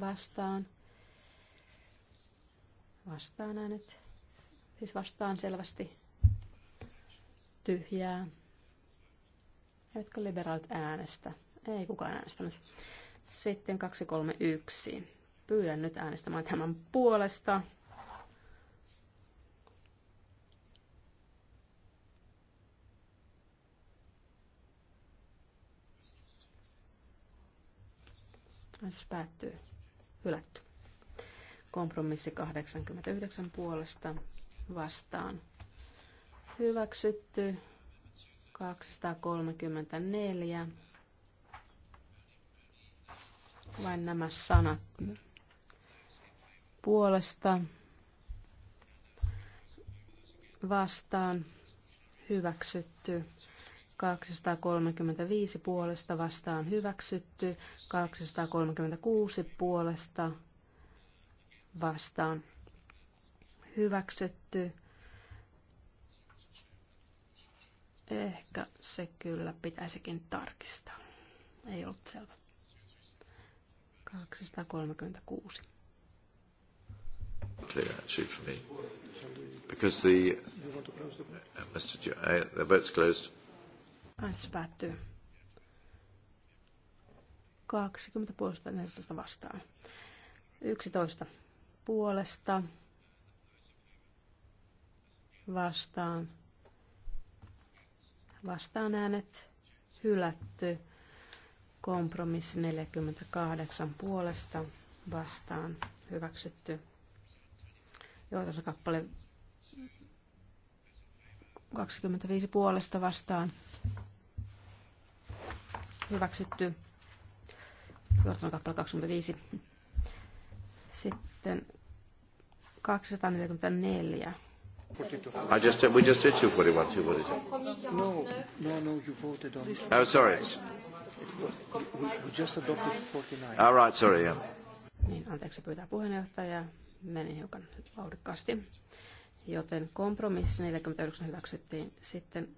Speaker 3: Vastaan Vastaan äänet. Siis vastaan selvästi. Tyhjää. Eivätkö liberaalit äänestä? Ei kukaan äänestänyt. Sitten 231. Pyydän nyt äänestämään tämän puolesta. Äänestys päättyy. Hylätty. Kompromissi 89 puolesta vastaan hyväksytty. 234. Vain nämä sanat puolesta vastaan hyväksytty. 235 puolesta vastaan hyväksytty, 236 puolesta vastaan hyväksytty. Ehkä se kyllä pitäisikin tarkistaa. Ei ollut selvä. 236.
Speaker 2: Clear actually for me. Because the...
Speaker 3: Uh,
Speaker 2: Mr. Uh, the vote's closed.
Speaker 3: Äänestys päättyy. 20 puolesta 14 vastaan. 11 puolesta vastaan. Vastaan äänet hylätty. Kompromissi 48 puolesta vastaan hyväksytty. kappale 25 puolesta vastaan hyväksytty. kappale 25 sitten 244.
Speaker 2: I just we just did 241,
Speaker 1: 242. No, no, no, you voted on. Oh, sorry. We, we just adopted 49. All
Speaker 2: right, sorry, yeah.
Speaker 3: Niin, anteeksi pyytää puheenjohtaja. Meni hiukan vauhdikkaasti. Joten kompromissi 49 hyväksyttiin. Sitten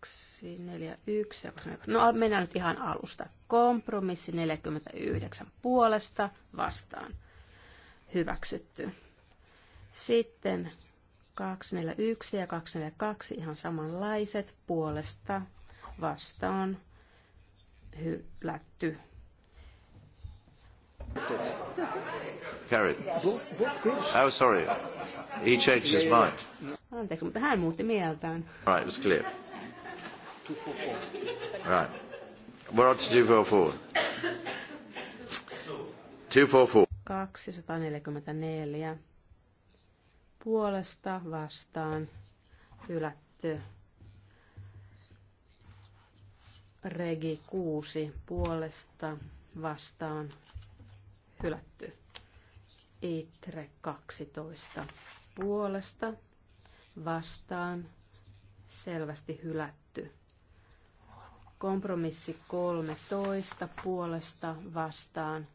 Speaker 3: 2, 4, 1. No mennään nyt ihan alusta. Kompromissi 49 puolesta vastaan. Hyväksytty. Sitten 241 ja 242 ihan samanlaiset puolesta vastaan hylätty.
Speaker 2: Carried. Oh, sorry. He changed his mind.
Speaker 3: Anteeksi, mutta hän muutti mieltään.
Speaker 2: All right, it was clear. 244. Right. We're on to 244. 244.
Speaker 3: 244. Puolesta vastaan hylätty. Regi 6 puolesta vastaan hylätty. Itre 12 puolesta vastaan selvästi hylätty Kompromissi 13 puolesta vastaan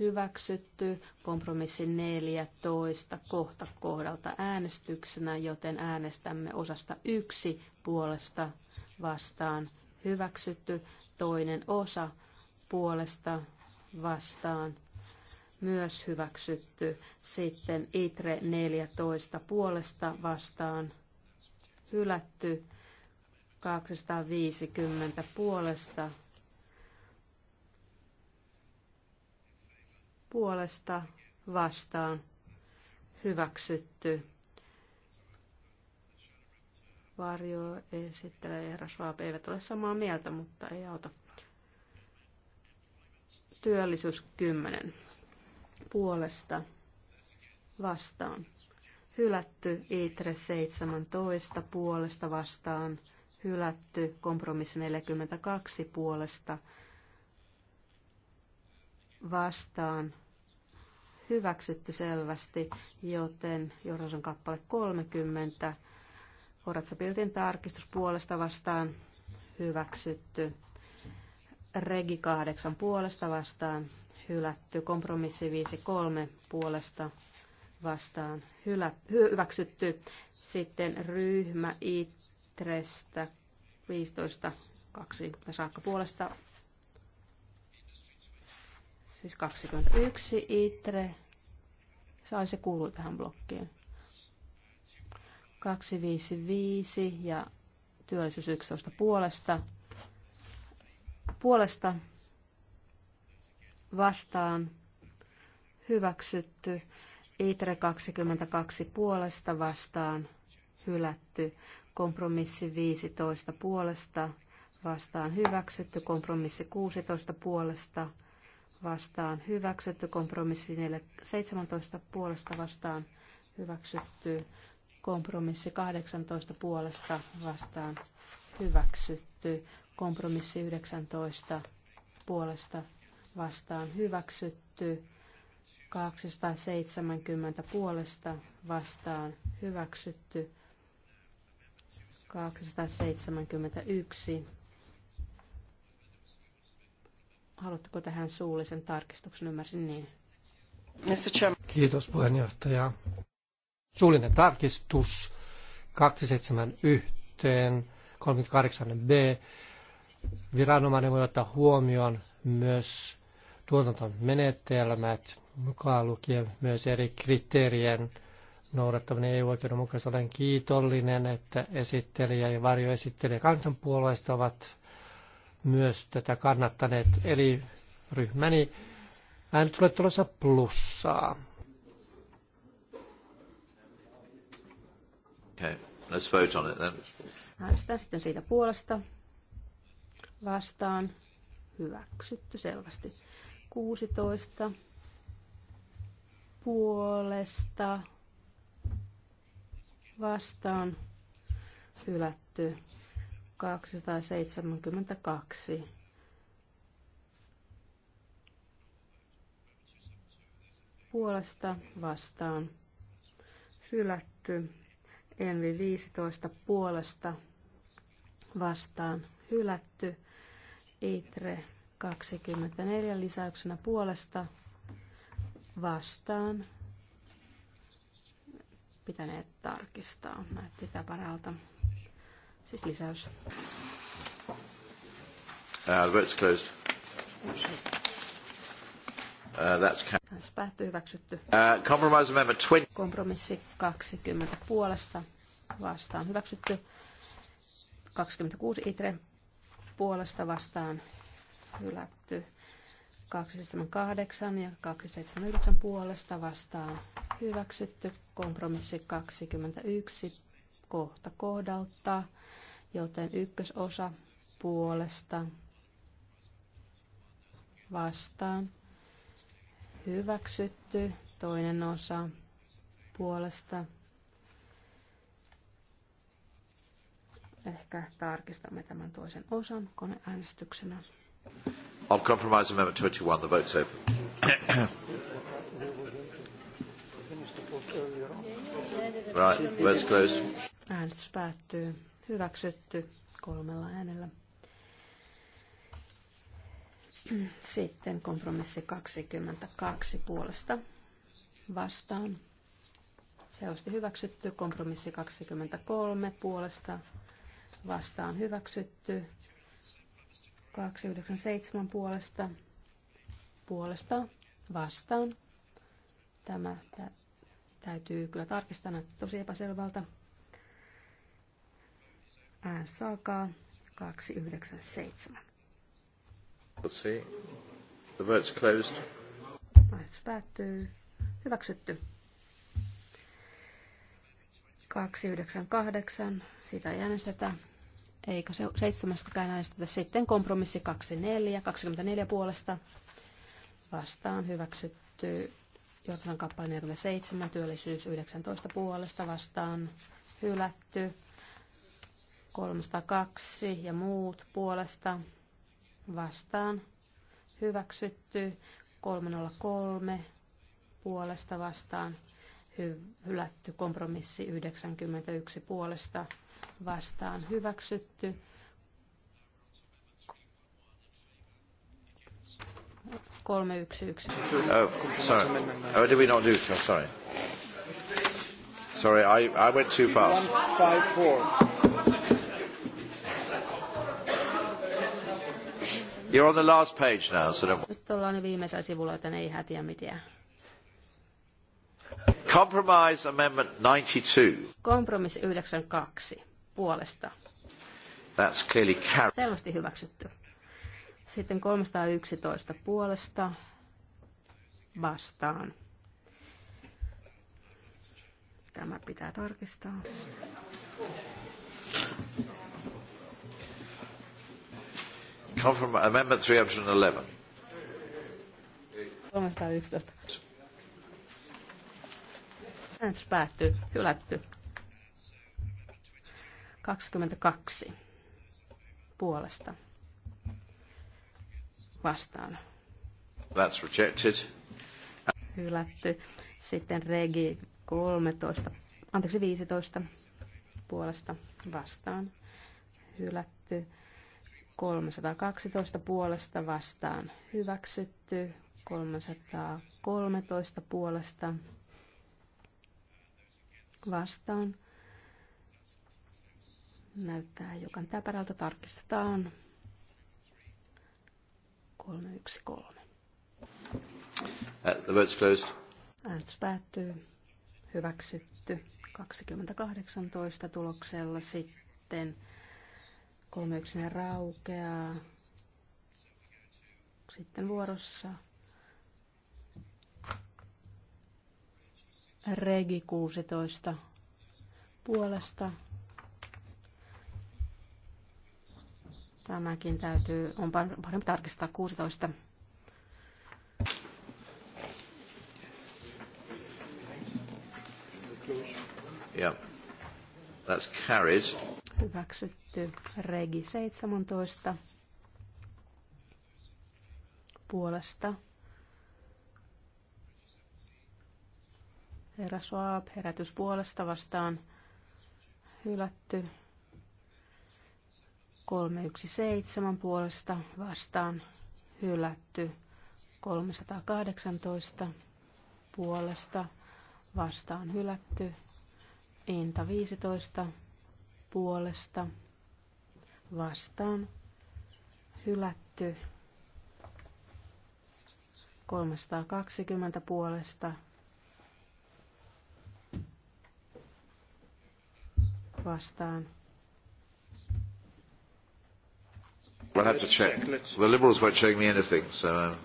Speaker 3: hyväksytty. Kompromissi 14 kohta kohdalta äänestyksenä, joten äänestämme osasta 1 puolesta vastaan hyväksytty. Toinen osa puolesta vastaan myös hyväksytty. Sitten ITRE 14 puolesta vastaan hylätty. 250 puolesta puolesta vastaan hyväksytty. Varjo esittelee ja Schwab eivät ole samaa mieltä, mutta ei auta. Työllisyys 10 puolesta vastaan. Hylätty Itre 17 puolesta vastaan hylätty, kompromissi 42 puolesta vastaan hyväksytty selvästi, joten Jordasen kappale 30, Horatsapiltin tarkistus puolesta vastaan hyväksytty, Regi 8 puolesta vastaan hylätty, kompromissi 5.3 puolesta vastaan hylä, hyväksytty, sitten ryhmä IT Trestä 15.20 saakka puolesta. Siis 21 Itre. Sai se kuulu tähän blokkiin. 255 ja työllisyys 11 puolesta. Puolesta vastaan hyväksytty. Itre 22 puolesta vastaan hylätty. Kompromissi 15 puolesta vastaan hyväksytty. Kompromissi 16 puolesta vastaan hyväksytty. Kompromissi 17 puolesta vastaan hyväksytty. Kompromissi 18 puolesta vastaan hyväksytty. Kompromissi 19 puolesta vastaan hyväksytty. 270 puolesta vastaan hyväksytty. 271. Haluatteko tähän suullisen tarkistuksen? Ymmärsin niin.
Speaker 1: Kiitos puheenjohtaja. Suullinen tarkistus 27138 b Viranomainen voi ottaa huomioon myös tuotantomenetelmät, mukaan lukien myös eri kriteerien noudattaminen ei oikeuden mukaisesti. Olen kiitollinen, että esittelijä ja varjoesittelijä kansanpuolueista ovat myös tätä kannattaneet. Eli ryhmäni ääni tulee tulossa plussaa.
Speaker 2: Okay, let's vote on it then.
Speaker 3: Äänestetään sitten siitä puolesta. Vastaan. Hyväksytty selvästi. 16 puolesta vastaan hylätty 272. Puolesta vastaan hylätty Envi 15 puolesta vastaan hylätty Itre 24 lisäyksenä puolesta vastaan pitäneet tarkistaa. Näytti paralta. Siis lisäys. Uh,
Speaker 2: the vote's closed. Uh, that's
Speaker 3: Äänestys hyväksytty.
Speaker 2: Uh, compromise amendment 20.
Speaker 3: Kompromissi 20 puolesta vastaan hyväksytty. 26 itre puolesta vastaan hylätty. 278 ja 279 puolesta vastaan Hyväksytty kompromissi 21 kohta kohdalta, joten ykkösosa puolesta vastaan. Hyväksytty toinen osa puolesta. Ehkä tarkistamme tämän toisen osan koneäänestyksenä.
Speaker 2: compromise amendment 21, the vote's open.
Speaker 1: Right,
Speaker 3: Äänestys päättyy. Hyväksytty kolmella äänellä. Sitten kompromissi 22 puolesta vastaan. Selvästi hyväksytty. Kompromissi 23 puolesta vastaan hyväksytty. 297 puolesta puolesta vastaan. Tämä, tämä Täytyy kyllä tarkistaa, että tosi epäselvältä. Ään saakaa 297.
Speaker 2: See. The vote's closed.
Speaker 3: päättyy. Hyväksytty. 298, sitä ei äänestetä. Eikä se seitsemästäkään äänestetä. Sitten kompromissi 24, 24 puolesta vastaan hyväksytty Johtajan kappale 47, työllisyys 19 puolesta vastaan hylätty. 302 ja muut puolesta vastaan hyväksytty. 303 puolesta vastaan hylätty. Kompromissi 91 puolesta vastaan hyväksytty. 311. Oh, did
Speaker 2: we not do it? Sorry. Sorry, I, I went too fast. 154. You're on the last page now, so don't...
Speaker 3: Nyt ollaan niin viimeisellä sivulla, joten ei hätiä mitään.
Speaker 2: Compromise Amendment 92.
Speaker 3: Kompromissi 92. Puolesta.
Speaker 2: That's clearly carried.
Speaker 3: Selvästi hyväksytty. Sitten 311 puolesta vastaan. Tämä pitää tarkistaa.
Speaker 2: Come from Amendment 311.
Speaker 3: 311. Äänestys päättyy. Hylätty. 22 puolesta vastaan.
Speaker 2: That's rejected.
Speaker 3: Hylätty. Sitten regi 13, anteeksi 15 puolesta vastaan. Hylätty. 312 puolesta vastaan hyväksytty. 313 puolesta vastaan. Näyttää hiukan täpärältä. Tarkistetaan. 313.
Speaker 2: The vote's closed.
Speaker 3: Äänestys päättyy. Hyväksytty 2018 tuloksella sitten 31 raukeaa. Sitten vuorossa Regi 16 puolesta Tämäkin täytyy, on parempi tarkistaa 16.
Speaker 2: Yeah. That's carried.
Speaker 3: Hyväksytty. Regi 17. Puolesta. Herra Swab, herätys puolesta vastaan. Hylätty. 317 puolesta vastaan hylätty 318 puolesta vastaan hylätty Inta 15 puolesta vastaan hylätty 320 puolesta vastaan
Speaker 2: We'll have to check. The Liberals won't show me anything, so... Um.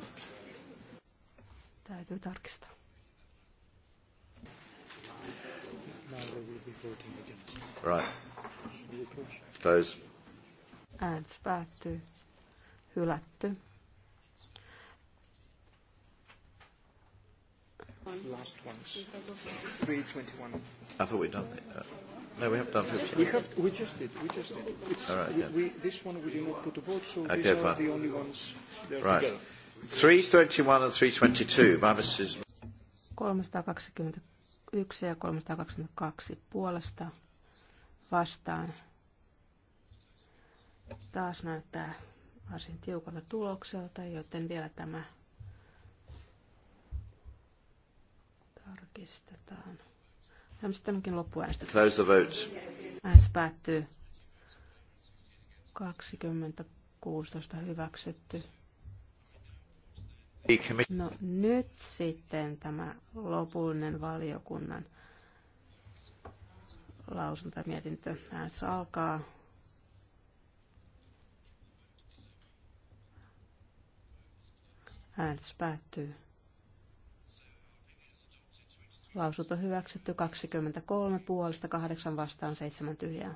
Speaker 2: Right. Close.
Speaker 3: päättyy. Hylätty.
Speaker 1: Last 321.
Speaker 2: I thought we'd done it. Uh, No, we have done 15. We, have, we just did. We just did. All right, yeah. we, this one we did not put to vote, so okay, these are the only ones there right. together. 321 and 322 by Mrs.
Speaker 3: 321 ja 322 puolesta vastaan. Taas näyttää varsin tiukalta tulokselta, joten vielä tämä tarkistetaan. Hämstämmekin loppuäänestys. Close the votes. Äänestys päättyy. 2016 hyväksytty. No nyt sitten tämä lopullinen valiokunnan lausunta mietintö. Äänestys alkaa. Äänestys päättyy. Lausunto hyväksytty 23 puolesta, 8 vastaan, 7 tyhjää.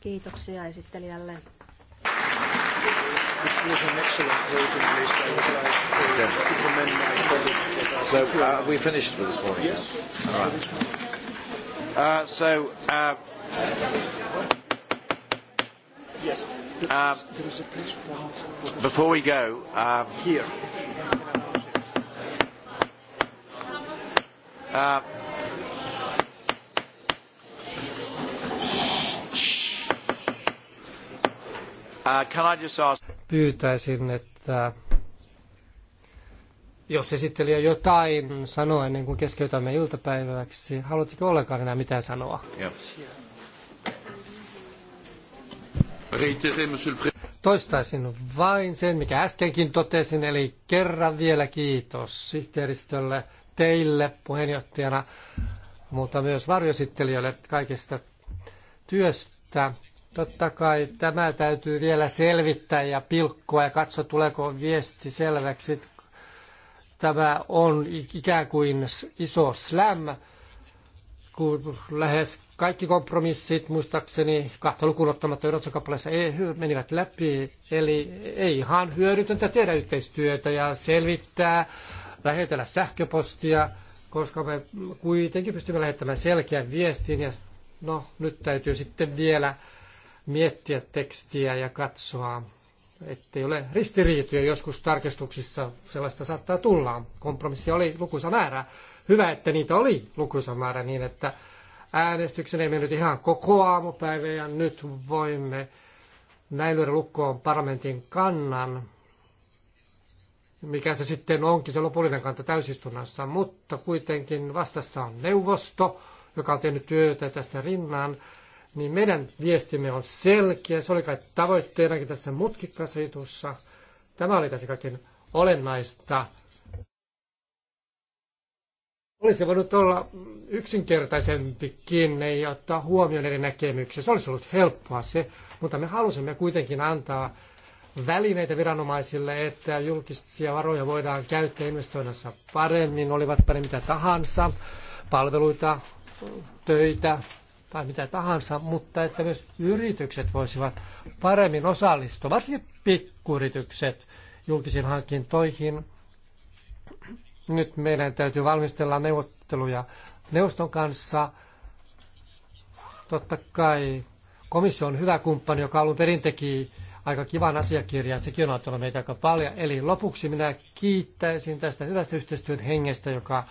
Speaker 3: Kiitoksia esittelijälle.
Speaker 2: So uh, we finished for this morning. Yes. All right. Uh, so. Um, before we go, um, here. Uh, uh,
Speaker 1: Pyytäisin, että jos esittelijä jotain sanoo ennen kuin keskeytämme iltapäiväksi, haluatteko ollenkaan enää mitään sanoa? Toistaisin vain sen, mikä äskenkin totesin, eli kerran vielä kiitos sihteeristölle teille puheenjohtajana, mutta myös varjosittelijoille kaikesta työstä. Totta kai tämä täytyy vielä selvittää ja pilkkoa ja katsoa, tuleeko viesti selväksi. Tämä on ikään kuin iso slam, kun lähes kaikki kompromissit, muistaakseni kahta lukuun ottamatta yhdessä kappaleessa ei, menivät läpi. Eli ei ihan hyödytöntä tehdä yhteistyötä ja selvittää lähetellä sähköpostia, koska me kuitenkin pystymme lähettämään selkeän viestin ja no nyt täytyy sitten vielä miettiä tekstiä ja katsoa, ettei ole ristiriitoja. Joskus tarkistuksissa sellaista saattaa tulla. Kompromissia oli lukuisa määrä. Hyvä, että niitä oli lukuisa määrä niin, että äänestyksen ei mennyt ihan koko aamupäivä ja nyt voimme näin lyödä lukkoon parlamentin kannan mikä se sitten onkin se lopullinen kanta täysistunnossa, mutta kuitenkin vastassa on neuvosto, joka on tehnyt työtä tässä rinnan, niin meidän viestimme on selkeä. Se oli kai tavoitteenakin tässä mutkikkaassa jutussa. Tämä oli tässä kaiken olennaista. Olisi voinut olla yksinkertaisempikin ei ottaa huomioon eri näkemyksiä. Se olisi ollut helppoa se, mutta me halusimme kuitenkin antaa välineitä viranomaisille, että julkisia varoja voidaan käyttää investoinnissa paremmin, olivatpa ne mitä tahansa, palveluita, töitä tai mitä tahansa, mutta että myös yritykset voisivat paremmin osallistua, varsinkin pikkuyritykset julkisiin hankintoihin. Nyt meidän täytyy valmistella neuvotteluja neuvoston kanssa. Totta kai komissio on hyvä kumppani, joka alun perin teki aika kivan asiakirjan. Sekin on auttanut meitä aika paljon. Eli lopuksi minä kiittäisin tästä hyvästä yhteistyön hengestä, joka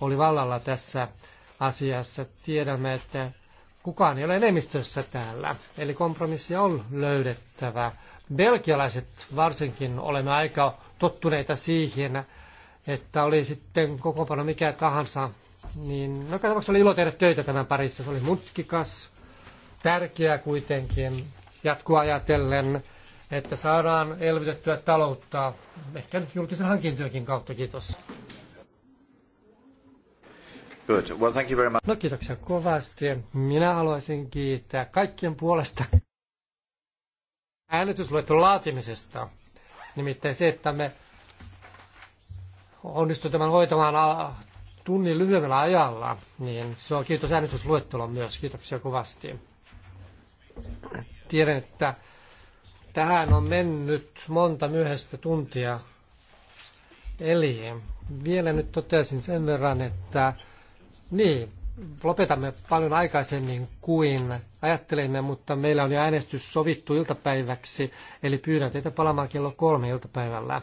Speaker 1: oli vallalla tässä asiassa. Tiedämme, että kukaan ei ole enemmistössä täällä. Eli kompromissi on löydettävä. Belgialaiset varsinkin olemme aika tottuneita siihen, että oli sitten kokoonpano mikä tahansa. Niin, no katsotaan, oli ilo tehdä töitä tämän parissa. Se oli mutkikas, tärkeä kuitenkin, jatkua ajatellen että saadaan elvytettyä taloutta, ehkä julkisen hankintyökin kautta. Kiitos.
Speaker 2: Good. Well, thank you very much. No
Speaker 1: kiitoksia kovasti. Minä haluaisin kiittää kaikkien puolesta äänestysluettelon laatimisesta. Nimittäin se, että me onnistuimme tämän hoitamaan tunnin lyhyemmällä ajalla, niin se on kiitos äänestysluettelon myös. Kiitoksia kovasti. Tiedän, että Tähän on mennyt monta myöhäistä tuntia. Eli vielä nyt totesin sen verran, että niin, lopetamme paljon aikaisemmin kuin ajattelemme, mutta meillä on jo äänestys sovittu iltapäiväksi, eli pyydän teitä palaamaan kello kolme iltapäivällä.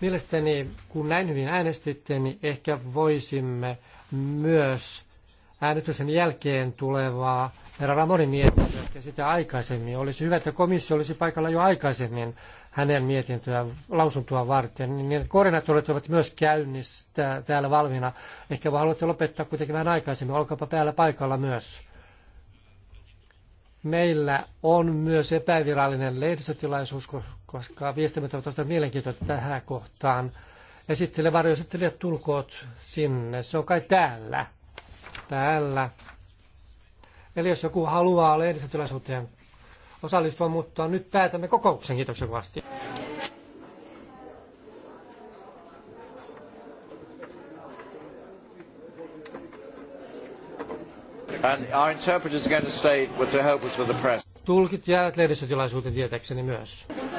Speaker 1: Mielestäni, kun näin hyvin äänestitte, niin ehkä voisimme myös äänestyksen jälkeen tulevaa herra Ramonin mietintöä ja sitä aikaisemmin. Olisi hyvä, että komissio olisi paikalla jo aikaisemmin hänen mietintöä lausuntoa varten. Niin koordinaattorit ovat myös käynnissä täällä valmiina. Ehkä haluatte lopettaa kuitenkin vähän aikaisemmin. Olkaapa päällä paikalla myös. Meillä on myös epävirallinen lehdistötilaisuus, koska viestimet ovat tuosta mielenkiintoista tähän kohtaan. Esittele varjoesittelijät tulkoot sinne. Se on kai täällä. Täällä. Eli jos joku haluaa lehdistötilaisuuteen osallistua, mutta nyt päätämme kokouksen. Kiitoksia kovasti.
Speaker 2: And our interpreters are going to stay to help us with the press.
Speaker 1: Tulkit jäävät lehdistötilaisuuteen tietäkseni myös.